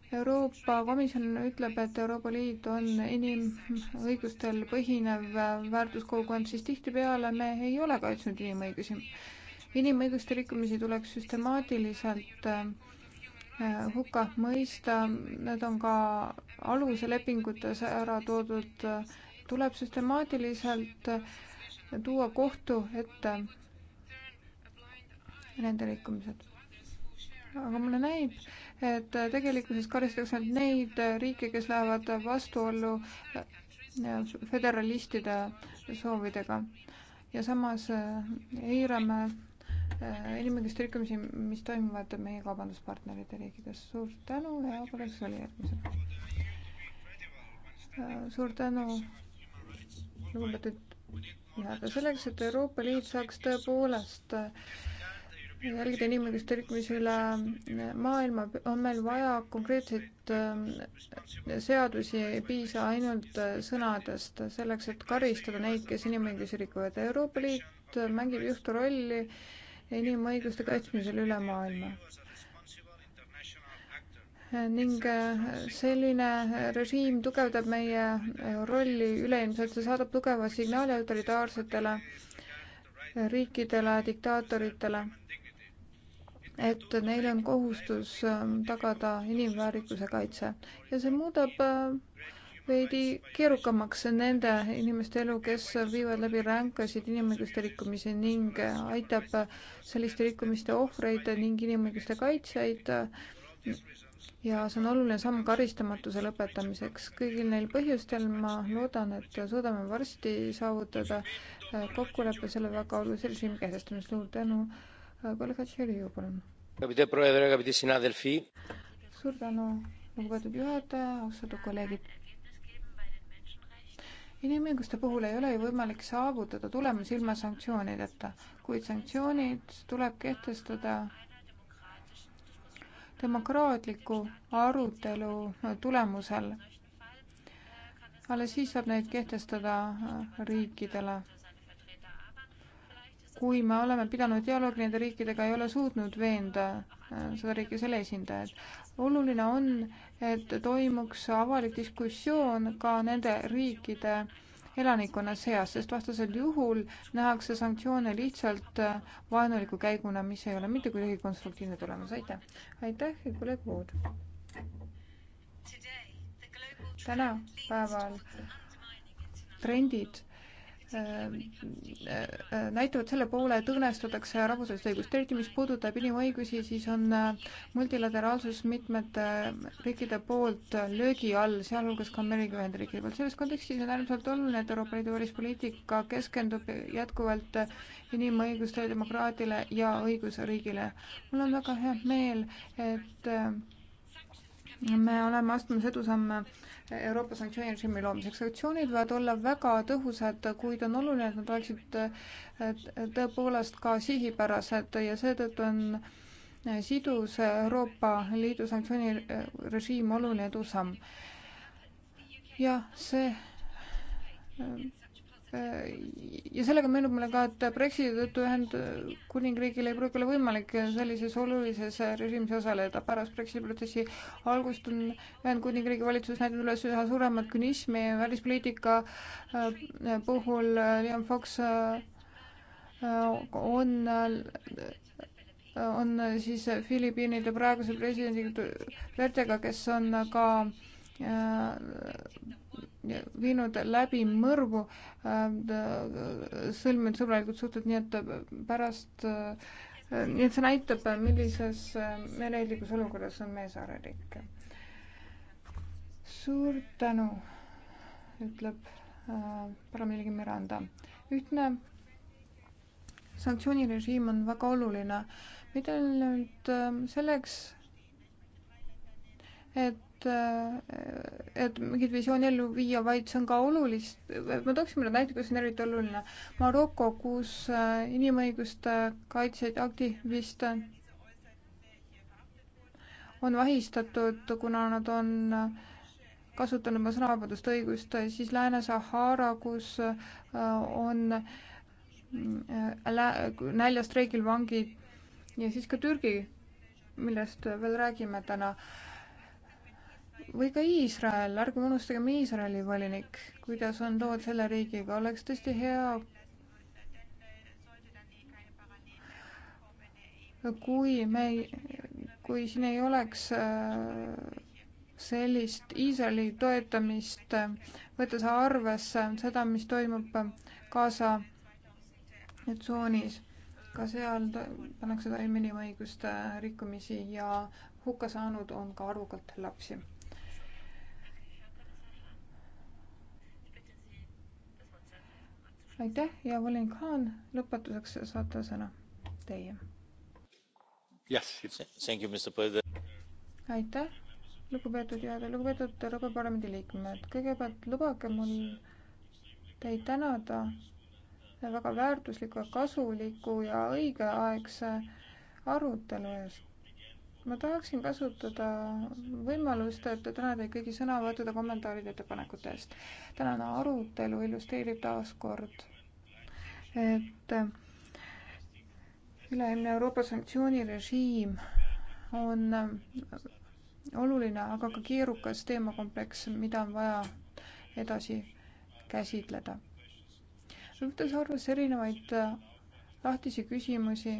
Euroopa Komisjon ütleb, et Euroopa Liit on inimõigustel põhinev väärtuskogukond, siis tihtipeale me ei ole kaitsnud inimõigusi. inimõiguste rikkumisi tuleks süstemaatiliselt äh, hukka mõista, need on ka aluselepingutes ära toodud, tuleb süstemaatiliselt äh, tuua kohtu ette nende rikkumised. aga mulle näib, et tegelikkuses karistatakse neid riike, kes lähevad vastuollu föderalistide soovidega ja samas äh, eirame äh, inimõiguste rikkumisi, mis toimuvad meie kaubanduspartnerite riikides. suur tänu ja kolleeg Sõli järgmisena. Äh, suur tänu, lugupeetud juhataja, selleks, et Euroopa Liit saaks tõepoolest äh, valgete inimõiguste rikkumise üle maailma, on meil vaja konkreetseid äh, seadusi, ei piisa ainult äh, sõnadest, selleks et karistada neid, kes inimõigusi rikuvad. Euroopa Liit mängib juhtu rolli inimõiguste kaitsmisel üle maailma. ning äh, selline režiim tugevdab meie rolli üleilmselt, see saadab tugeva signaali autoritaarsetele riikidele, diktaatoritele et neil on kohustus ähm, tagada inimväärikuse kaitse ja see muudab äh, veidi keerukamaks nende inimeste elu, kes viivad läbi ränkasid inimõiguste rikkumisi ning äh, aitab äh, selliste rikkumiste ohvreid ning inimõiguste kaitsjaid. ja see on oluline samm karistamatuse lõpetamiseks. kõigil neil põhjustel ma loodan, et suudame varsti saavutada kokkuleppe selle väga olulise režiimi kehtestamisel. suur tänu no, kolleeg Hatšeriu, palun. suur tänu, lugupeetud juhataja, austatud kolleegid. inimõiguste puhul ei ole ju võimalik saavutada tulemusi ilma sanktsioonideta, kuid sanktsioonid tuleb kehtestada demokraatliku arutelu tulemusel alles siis saab neid kehtestada riikidele kui me oleme pidanud dialoogi nende riikidega, ei ole suutnud veenda äh, seda riiki, selle esindajaid. oluline on, et toimuks avalik diskussioon ka nende riikide elanikkonna seas, sest vastasel juhul nähakse sanktsioone lihtsalt äh, vaenuliku käiguna, mis ei ole mitte kuidagi konstruktiivne tulemus, aitäh. aitäh, kolleeg Vood. tänapäeval trendid Äh, äh, näitavad selle poole, et õõnestatakse rahvusvahelist õigust. eriti mis puudutab inimõigusi, siis on äh, multilateraalsus mitmete riikide poolt löögi all, sealhulgas ka Ameerika Ühendriikide poolt. selles kontekstis on äärmiselt oluline, et Euroopa Liidu välispoliitika keskendub jätkuvalt inimõigustele, demokraatile ja õigusriigile. mul on väga hea meel, et me oleme astumas edusamme Euroopa sanktsioonirežiimi loomiseks. sanktsioonid võivad olla väga tõhusad, kuid on oluline, et nad oleksid tõepoolest ka sihipärased ja seetõttu on sidus Euroopa Liidu sanktsioonirežiim oluline edusamm. ja see Äh, ja sellega meenub mulle ka, et Brexiti tõttu Ühendkuningriigil ei pruugi olla võimalik sellises olulises režiimis osaleda. pärast Brexiti protsessi algust on Ühendkuningriigi valitsus näidanud üles üha suuremat künismi välispoliitika äh, puhul. Liam Fox äh, on, on siis Filipiinide praeguse presidendi Vertega, kes on ka viinud läbi mõrvu, äh, sõlminud sõbralikud suhted, nii et pärast, äh, nii et see näitab, millises äh, meeleheitlikus olukorras on meie saareriik. suur tänu, ütleb paramilgi Miranda. ühtne sanktsioonirežiim on väga oluline, mitte ainult selleks, et ainult, äh, et mingit visiooni ellu viia, vaid see on ka olulist, ma tooksin mulle näite, kus on eriti oluline. Maroko, kus äh, inimõiguste kaitsjaid, aktiviste on vahistatud, kuna nad on äh, kasutanud oma sõnavabadust õigust, siis Lääne-Sahara, kus on näljastreigil vangid ja siis ka Türgi, millest veel räägime täna või ka Iisrael, ärgem unustagem Iisraeli volinik, kuidas on lood selle riigiga, oleks tõesti hea, kui me, kui siin ei oleks äh, sellist Iisraeli toetamist, äh, võttes arvesse seda, mis toimub äh, Gaza tsoonis, ka seal pannakse toime inimõiguste rikkumisi ja hukka saanud on ka arvukalt lapsi aitäh ja Volin Khan, lõpetuseks saate sõna teie. aitäh, lugupeetud ja lugupeetud Euroopa Parlamendi liikmed, kõigepealt lubage mul teid tänada väga väärtusliku, kasuliku ja õigeaegse arutelu eest ma tahaksin kasutada võimalust, et tänada teid kõigi sõnavõttude, kommentaaride, ettepanekute eest. tänane arutelu illustreerib taas kord, et üleilmne Euroopa sanktsioonirežiim on oluline, aga ka keerukas teemakompleks, mida on vaja edasi käsitleda. võttes arvesse erinevaid lahtisi küsimusi,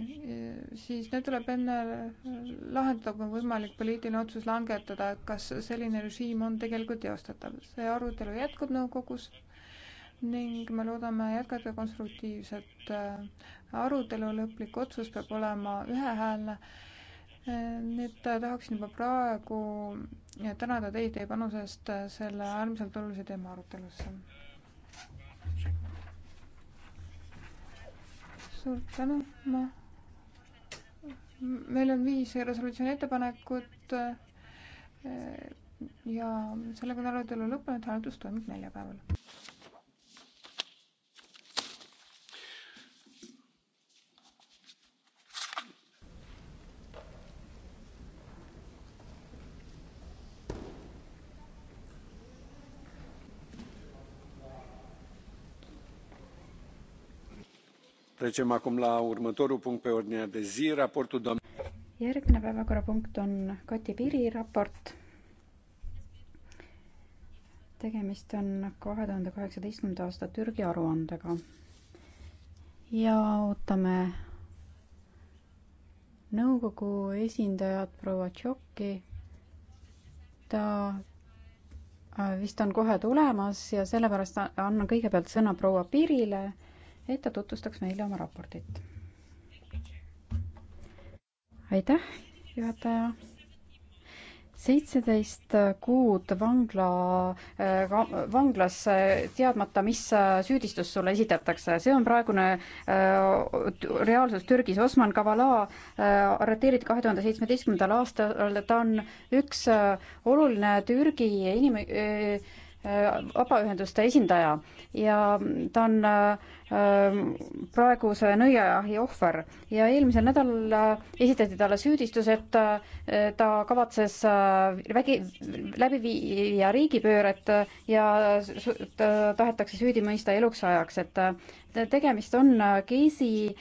siis need tuleb enne lahendada, kui on võimalik poliitiline otsus langetada, kas selline režiim on tegelikult teostatav. see arutelu jätkub nõukogus ning me loodame jätkata konstruktiivset äh, arutelu, lõplik otsus peab olema ühehäälne. Äh, nüüd äh, tahaksin juba praegu tänada teid teie panusest selle äärmiselt olulise teema arutelusse suur tänu, ma, meil on viis resolutsiooni ettepanekut äh, ja sellega on arutelu lõppenud, hääletus toimub neljapäeval. trecem acum la următorul punct pe ordinea de zi, raportul domnului. järgmine päevakorrapunkt on Kati Piri raport. tegemist on kahe tuhande kaheksateistkümnenda aasta Türgi aruandega. ja ootame nõukogu esindajat proua Tšoki. ta äh, vist on kohe tulemas ja sellepärast annan kõigepealt sõna proua Pirile et ta tutvustaks meile oma raportit. aitäh, juhataja seitseteist kuud vangla, äh, vanglas äh, teadmata, mis äh, süüdistus sulle esitatakse, see on praegune reaalsus Türgis. Osman Kavala arreteeriti kahe tuhande seitsmeteistkümnendal aastal, ta on üks oluline Türgi inim-, vabaühenduste esindaja ja ta on praeguse nõiajahi ohver ja eelmisel nädalal äh, esitati talle süüdistus, et äh, ta kavatses äh, vägi, läbi viia riigipööret ja tahetakse süüdi mõista eluks ajaks, et tegemist on Gezi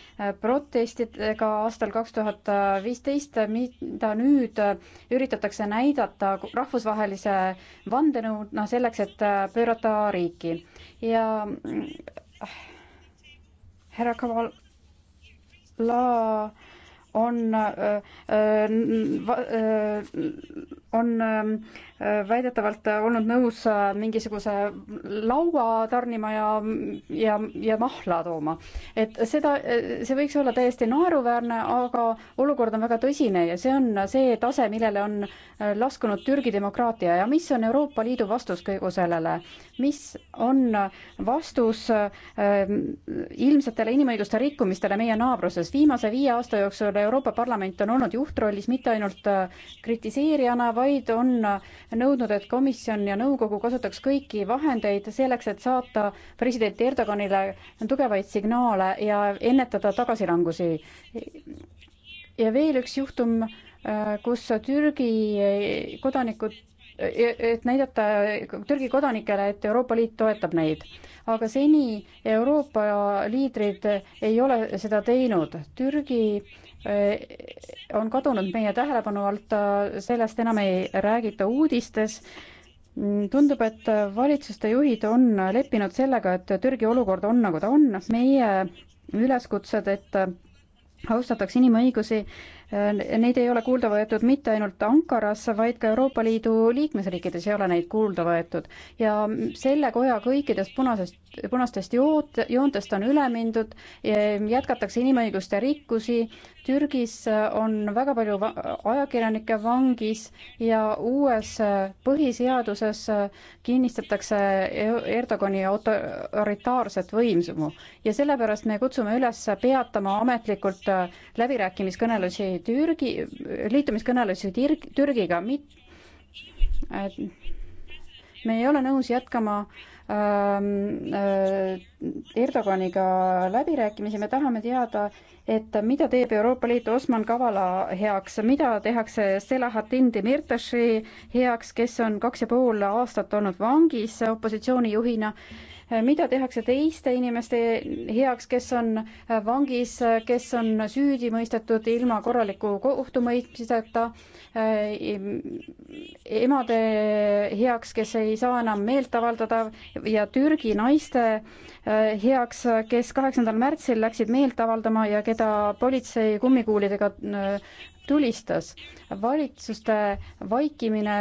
protestidega aastal kaks tuhat viisteist, mida nüüd üritatakse näidata rahvusvahelise vandenõuna selleks, et pöörata riiki ja härra Kavala on, äh, äh, äh, on ähm, väidetavalt olnud nõus mingisuguse laua tarnima ja, ja, ja mahla tooma. et seda, see võiks olla täiesti naeruväärne, aga olukord on väga tõsine ja see on see tase, millele on laskunud Türgi demokraatia ja mis on Euroopa Liidu vastus kõigu sellele, mis on vastus ähm, ilmsetele inimõiguste rikkumistele meie naabruses. viimase viie aasta jooksul Euroopa Parlament on olnud juhtrollis mitte ainult äh, kritiseerijana, vaid on nõudnud, et komisjon ja nõukogu kasutaks kõiki vahendeid selleks, et saata president Erdoganile tugevaid signaale ja ennetada tagasilangusi. ja veel üks juhtum, äh, kus Türgi kodanikud äh, et näidata Türgi kodanikele, et Euroopa Liit toetab neid. aga seni Euroopa liidrid ei ole seda teinud. Türgi Äh, on kadunud meie tähelepanu alt, äh, sellest enam ei räägita uudistes. Mm, tundub, et äh, valitsuste juhid on leppinud sellega, et Türgi olukord on, nagu ta on. meie üleskutsed, et austatakse inimõigusi, Äh, neid ei ole kuulda võetud mitte ainult Ankaras, vaid ka Euroopa Liidu liikmesriikides ei ole neid kuulda võetud. ja selle koja kõikidest punasest, punastest joot-, joontest on üle mindud, jätkatakse inimõiguste rikkusi, Türgis on väga palju va ajakirjanikke vangis ja uues põhiseaduses kinnistatakse e-, Erdogani autoritaarset võimsumu ja sellepärast me kutsume üles peatama ametlikult läbirääkimiskõnelusi Türgi, liitumiskõnelusi Türg-, Türgiga, mit-, me ei ole nõus jätkama ähm, äh, Erdoganiga läbirääkimisi, me tahame teada, et mida teeb Euroopa Liit Osman Kavala heaks, mida tehakse Selahattin Demirtaši heaks, kes on kaks ja pool aastat olnud vangis opositsioonijuhina mida tehakse teiste inimeste heaks, kes on vangis, kes on süüdi mõistetud ilma korraliku kohtumõistmiseta, emade heaks, kes ei saa enam meelt avaldada ja Türgi naiste heaks, kes kaheksandal märtsil läksid meelt avaldama ja keda politsei kummikuulidega tulistas. valitsuste vaikimine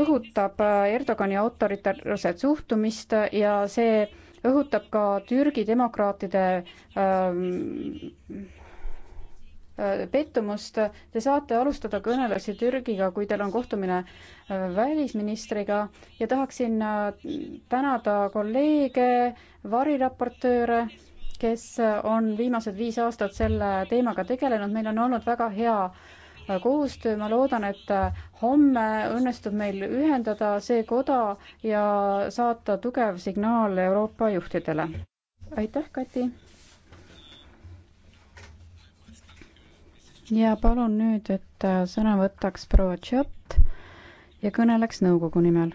õhutab Erdogani autoritaarset suhtumist ja see õhutab ka Türgi demokraatide ähm, äh, pettumust. Te saate alustada kõnelusi Türgiga, kui teil on kohtumine äh, välisministriga ja tahaksin äh, tänada kolleege, variraportööre kes on viimased viis aastat selle teemaga tegelenud, meil on olnud väga hea koostöö, ma loodan, et homme õnnestub meil ühendada see koda ja saata tugev signaal Euroopa juhtidele. aitäh, Kati! ja palun nüüd, et sõna võtaks proua Tšot ja kõneleks nõukogu nimel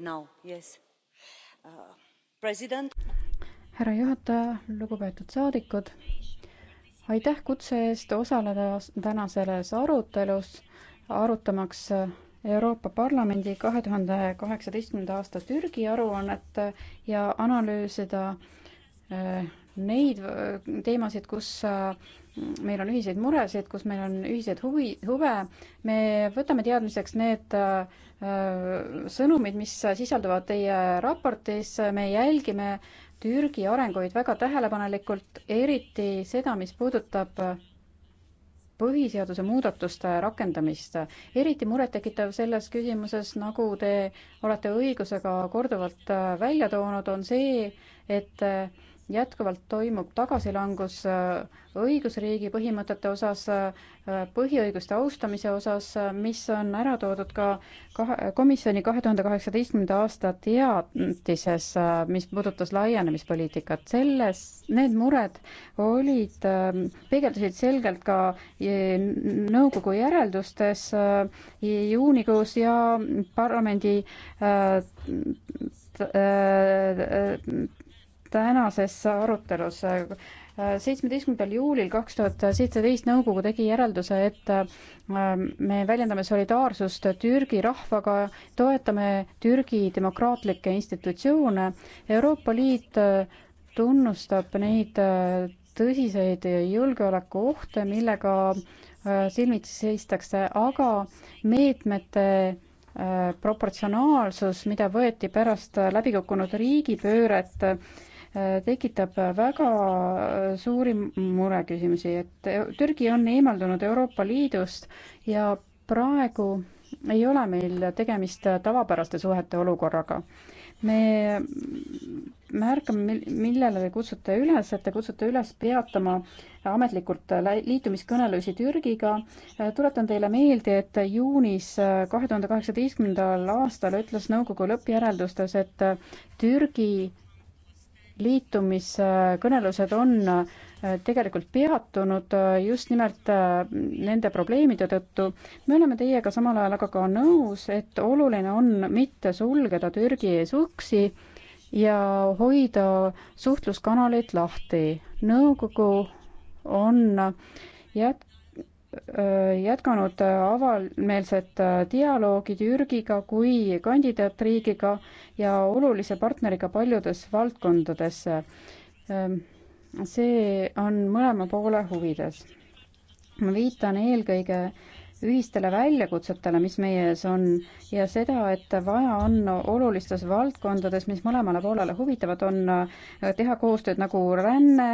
Uh, härra juhataja, lugupeetud saadikud. aitäh kutse eest osaleda täna selles arutelus, arutamaks Euroopa Parlamendi kahe tuhande kaheksateistkümnenda aasta Türgi aruannet ja analüüsida äh, neid äh, teemasid, kus äh, meil on ühiseid muresid, kus meil on ühised huvi, huve, me võtame teadmiseks need äh, sõnumid, mis sisalduvad teie raportis, me jälgime Türgi arenguid väga tähelepanelikult, eriti seda, mis puudutab põhiseaduse muudatuste rakendamist. eriti murettekitav selles küsimuses, nagu te olete õigusega korduvalt välja toonud, on see, et äh, jätkuvalt toimub tagasilangus äh, õigusriigi põhimõtete osas, äh, põhiõiguste austamise osas, äh, mis on ära toodud ka kahe, komisjoni kahe tuhande kaheksateistkümnenda aasta teatises, mis puudutas laienemispoliitikat. selles, need mured olid, peegeldusid selgelt ka nõukogu järeldustes juunikuus ja parlamendi tänases arutelus. seitsmeteistkümnendal juulil kaks tuhat seitseteist nõukogu tegi järelduse, et ähm, me väljendame solidaarsust Türgi rahvaga, toetame Türgi demokraatlikke institutsioone. Euroopa Liit äh, tunnustab neid äh, tõsiseid julgeolekuohte, millega äh, silmitsi seistakse, aga meetmete proportsionaalsus, mida võeti pärast läbikukkunud riigipööret, tekitab väga suuri mureküsimusi, et Türgi on eemaldunud Euroopa Liidust ja praegu ei ole meil tegemist tavapäraste suhete olukorraga. me märkame, millele te kutsute üles, et te kutsute üles peatama ametlikult liitumiskõnelusi Türgiga. tuletan teile meelde, et juunis kahe tuhande kaheksateistkümnendal aastal ütles nõukogu lõppjäreldustes, et Türgi liitumiskõnelused on äh, tegelikult peatunud äh, just nimelt äh, nende probleemide tõttu. me oleme teiega samal ajal aga ka nõus, et oluline on mitte sulgeda Türgi ees uksi ja hoida suhtluskanaleid lahti. nõukogu on jät-, jätkanud avameelset dialoogi Türgiga kui kandidaatriigiga ja olulise partneriga paljudes valdkondades. see on mõlema poole huvides. ma viitan eelkõige ühistele väljakutsetele, mis meie ees on ja seda, et vaja on olulistes valdkondades, mis mõlemale poolele huvitavad on, äh, teha koostööd nagu ränne,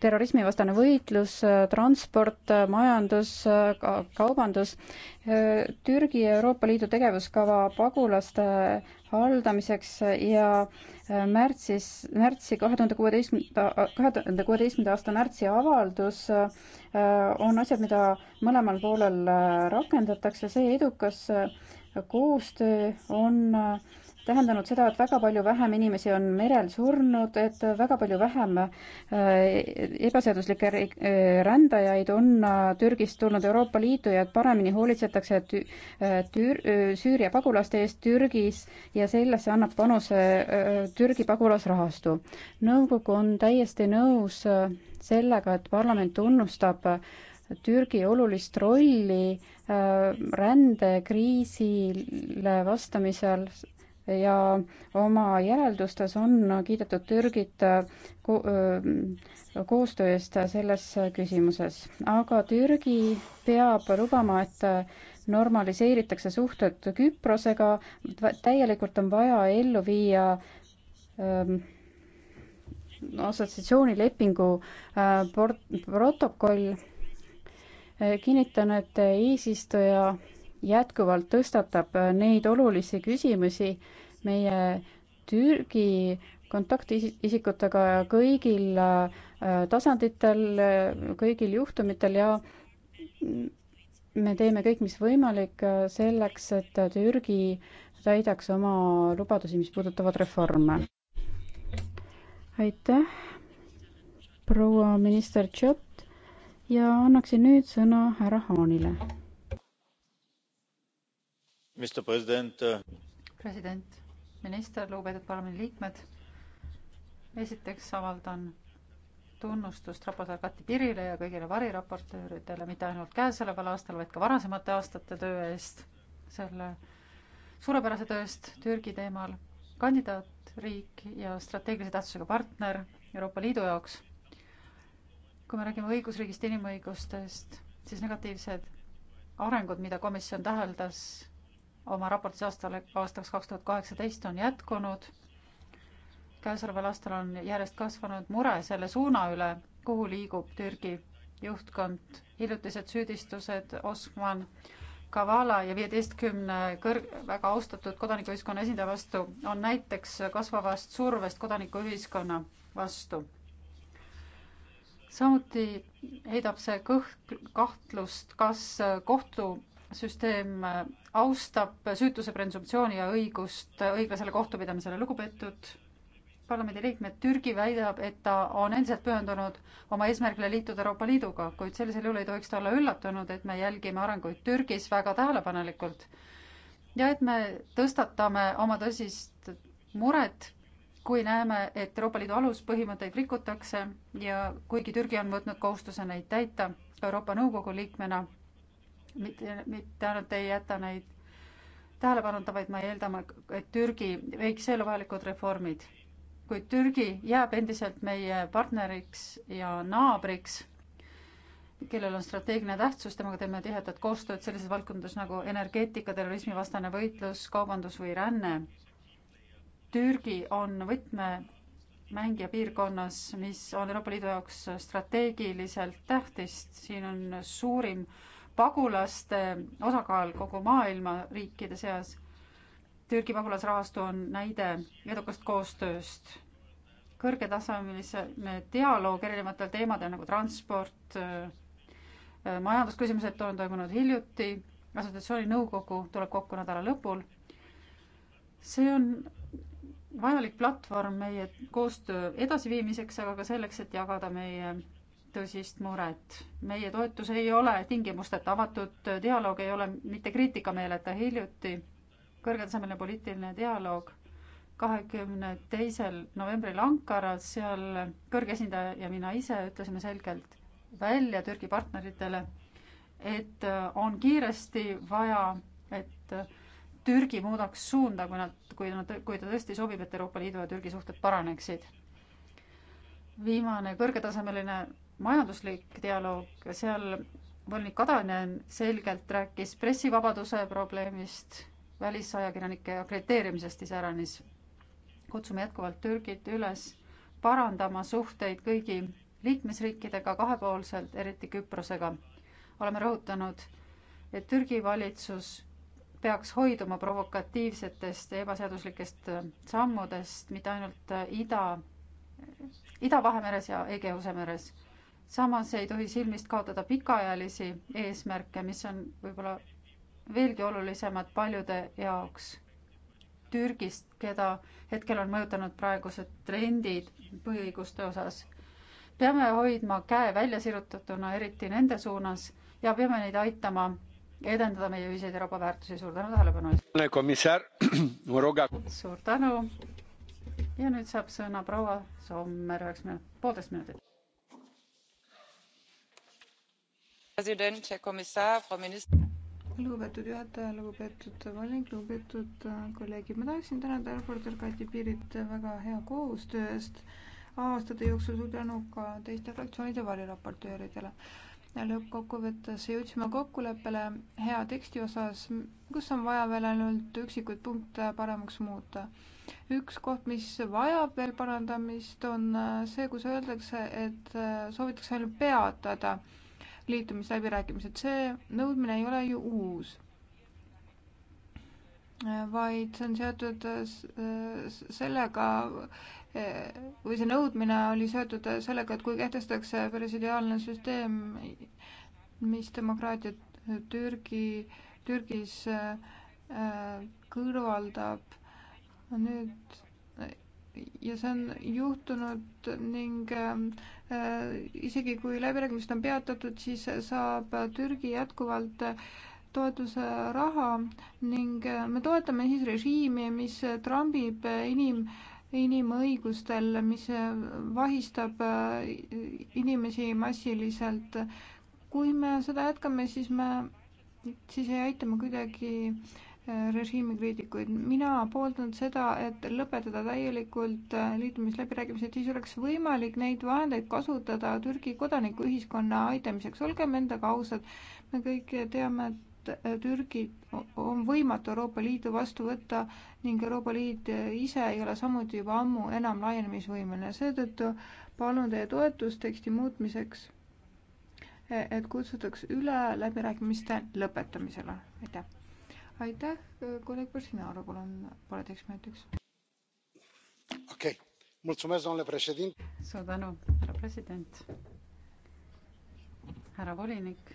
terrorismivastane võitlus, äh, transport, äh, majandus, kaubandus. Türgi ja Euroopa Liidu tegevuskava pagulaste haldamiseks ja äh, märtsis, märtsi kahe tuhande kuueteistkümnenda, kahe tuhande kuueteistkümnenda aasta märtsi avaldus äh, on asjad, mida mõlemal poolel rakendatakse, see edukas äh, koostöö on äh, tähendanud seda, et väga palju vähem inimesi on merel surnud, et väga palju vähem äh, ebaseaduslikke äh, rändajaid on äh, Türgist tulnud Euroopa Liitu ja et paremini hoolitsetakse Tür-, Süüria pagulaste eest Türgis ja sellesse annab panuse Türgi pagulasrahastu. nõukogu on täiesti nõus sellega, et parlament tunnustab Türgi olulist rolli rändekriisile vastamisel ja oma järeldustes on kiidetud Türgit ko koostöö eest selles küsimuses. aga Türgi peab lubama, et normaliseeritakse suhted Küprosega, täielikult on vaja ellu viia ähm, assotsiatsioonilepingu äh, protokoll. kinnitan, et eesistuja äh, jätkuvalt tõstatab äh, neid olulisi küsimusi meie Türgi kontaktisikutega kõigil äh, tasanditel, äh, kõigil juhtumitel ja me teeme kõik, mis võimalik selleks, et Türgi täidaks oma lubadusi, mis puudutavad reforme. aitäh, proua minister Tšot ja annaksin nüüd sõna härra Haanile president, äh, president, minister, lugupeetud parlamendiliikmed. esiteks avaldan tunnustust raportöörkati Pirile ja kõigile variraportööridele mitte ainult käesoleval aastal, vaid ka varasemate aastate töö eest, selle suurepärase töö eest Türgi teemal, kandidaatriik ja strateegilise tähtsusega partner Euroopa Liidu jaoks. kui me räägime õigusriigist ja inimõigustest, siis negatiivsed arengud, mida komisjon täheldas oma raportis aastale, aastaks kaks tuhat kaheksateist on jätkunud. käesoleval aastal on järjest kasvanud mure selle suuna üle, kuhu liigub Türgi juhtkond. hiljutised süüdistused Osman Kavala ja viieteistkümne kõrg, väga austatud kodanikuühiskonna esindaja vastu on näiteks kasvavast survest kodanikuühiskonna vastu. samuti heidab see kõht, kahtlust, kas kohtu süsteem austab süütuse presumptsiooni ja õigust õiglasele kohtupidamisele. lugupeetud parlamendiliikmed, Türgi väidab, et ta on endiselt pühendunud oma eesmärgile liituda Euroopa Liiduga, kuid sellisel juhul ei tohiks ta olla üllatunud, et me jälgime arenguid Türgis väga tähelepanelikult ja et me tõstatame oma tõsist muret, kui näeme, et Euroopa Liidu aluspõhimõtteid rikutakse ja kuigi Türgi on võtnud kohustuse neid täita Euroopa Nõukogu liikmena mitte, mitte ainult ei jäta neid tähelepanuta, vaid me eeldame, et Türgi viiks ellu vajalikud reformid. kuid Türgi jääb endiselt meie partneriks ja naabriks, kellel on strateegiline tähtsus, temaga teeme tihedat koostööd sellises valdkondades nagu energeetika, terrorismivastane võitlus, kaubandus või ränne. Türgi on võtme mängija piirkonnas, mis on Euroopa Liidu jaoks strateegiliselt tähtis, siin on suurim äh, pagulaste osakaal kogu maailma riikide seas. Türgi pagulasrahastu on näide edukast koostööst. kõrgetasemeline dialoog erinevatel teemadel nagu transport, äh, majandusküsimused on toimunud hiljuti, assotsiatsiooni nõukogu tuleb kokku nädala lõpul. see on vajalik platvorm meie koostöö edasiviimiseks, aga ka selleks, et jagada meie tõsist muret. meie toetus ei ole tingimusteta avatud, dialoog ei ole mitte kriitikameeleta. hiljuti kõrgetasemeline poliitiline dialoog kahekümne teisel novembril Ankaras, seal kõrge esindaja ja mina ise ütlesime selgelt välja Türgi partneritele, et on kiiresti vaja, et Türgi muudaks suunda, kui nad, kui nad, kui ta tõesti soovib, et Euroopa Liidu ja Türgi suhted paraneksid. viimane kõrgetasemeline majanduslik dialoog, seal volinik Kadanen selgelt rääkis pressivabaduse probleemist, välisajakirjanike akrediteerimisest iseäranis. kutsume jätkuvalt Türgit üles parandama suhteid kõigi liikmesriikidega kahepoolselt, eriti Küprosega. oleme rõhutanud, et Türgi valitsus peaks hoiduma provokatiivsetest ja ebaseaduslikest sammudest mitte ainult ida, Ida-Vahemeres ja Egeuse meres samas ei tohi silmist kaotada pikaajalisi eesmärke, mis on võib-olla veelgi olulisemad paljude jaoks. Türgist, keda hetkel on mõjutanud praegused trendid põhiõiguste osas. peame hoidma käe välja sirutatuna, eriti nende suunas ja peame neid aitama edendada meie ühiseid Euroopa väärtusi. suur tänu tähelepanu eest. suur tänu. ja nüüd saab sõna proua Sommer üheks minut, poolteist minutit president, komissar, proua minister. lugupeetud juhataja, lugupeetud volinik, lugupeetud äh, kolleegid, ma tahaksin tänada raportöör Kati Piirit väga hea koostöö eest aastate jooksul, suur tänu ka teiste fraktsioonide variraportööridele lõppkokkuvõttes jõudsime kokkuleppele hea teksti osas, kus on vaja veel ainult üksikuid punkte paremaks muuta. üks koht, mis vajab veel parandamist, on äh, see, kus öeldakse, et äh, soovitakse ainult peatada liitumisläbirääkimised, see nõudmine ei ole ju uus, vaid see on seotud äh, sellega äh, või see nõudmine oli seotud sellega, et kui kehtestatakse presidiaalne süsteem, mis demokraatiat Türgi, Türgis äh, kõrvaldab nüüd ja see on juhtunud ning ähm, äh, isegi kui läbirääkimised on peatatud, siis saab Türgi jätkuvalt toetuse raha ning äh, me toetame siis režiimi, mis trambib inim, inimõigustel, mis äh, vahistab inimesi massiliselt. kui me seda jätkame, siis me, siis ei aita me kuidagi äh, režiimi kriitikuid. mina pooldan seda, et lõpetada täielikult äh, liitumisläbirääkimised, siis oleks võimalik neid vahendeid kasutada Türgi kodanikuühiskonna aitamiseks. olgem endaga ausad, me kõik teame, et äh, Türgi on võimatu Euroopa Liidu vastu võtta ning Euroopa Liit äh, ise ei ole samuti juba ammu enam laienemisvõimeline. seetõttu palun teie toetust teksti muutmiseks, et kutsutaks üle läbirääkimiste lõpetamisele. aitäh! aitäh, kolleeg Postinaru, palun pooleteist minutiks. okei okay., mulțumesc, domnule president. suur tänu, härra president. härra volinik,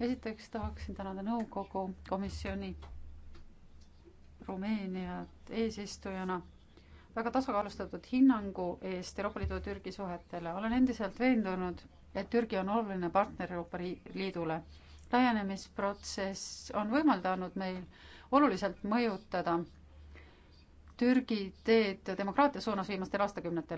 esiteks tahaksin tänada nõukogu komisjoni Rumeeniat eesistujana väga tasakaalustatud hinnangu eest Euroopa Liidu ja Türgi suhetele. olen endiselt veendunud, et Türgi on oluline partner Euroopa Liidule laienemisprotsess on võimaldanud meil oluliselt mõjutada Türgi teed demokraatia suunas viimastel aastakümnetel.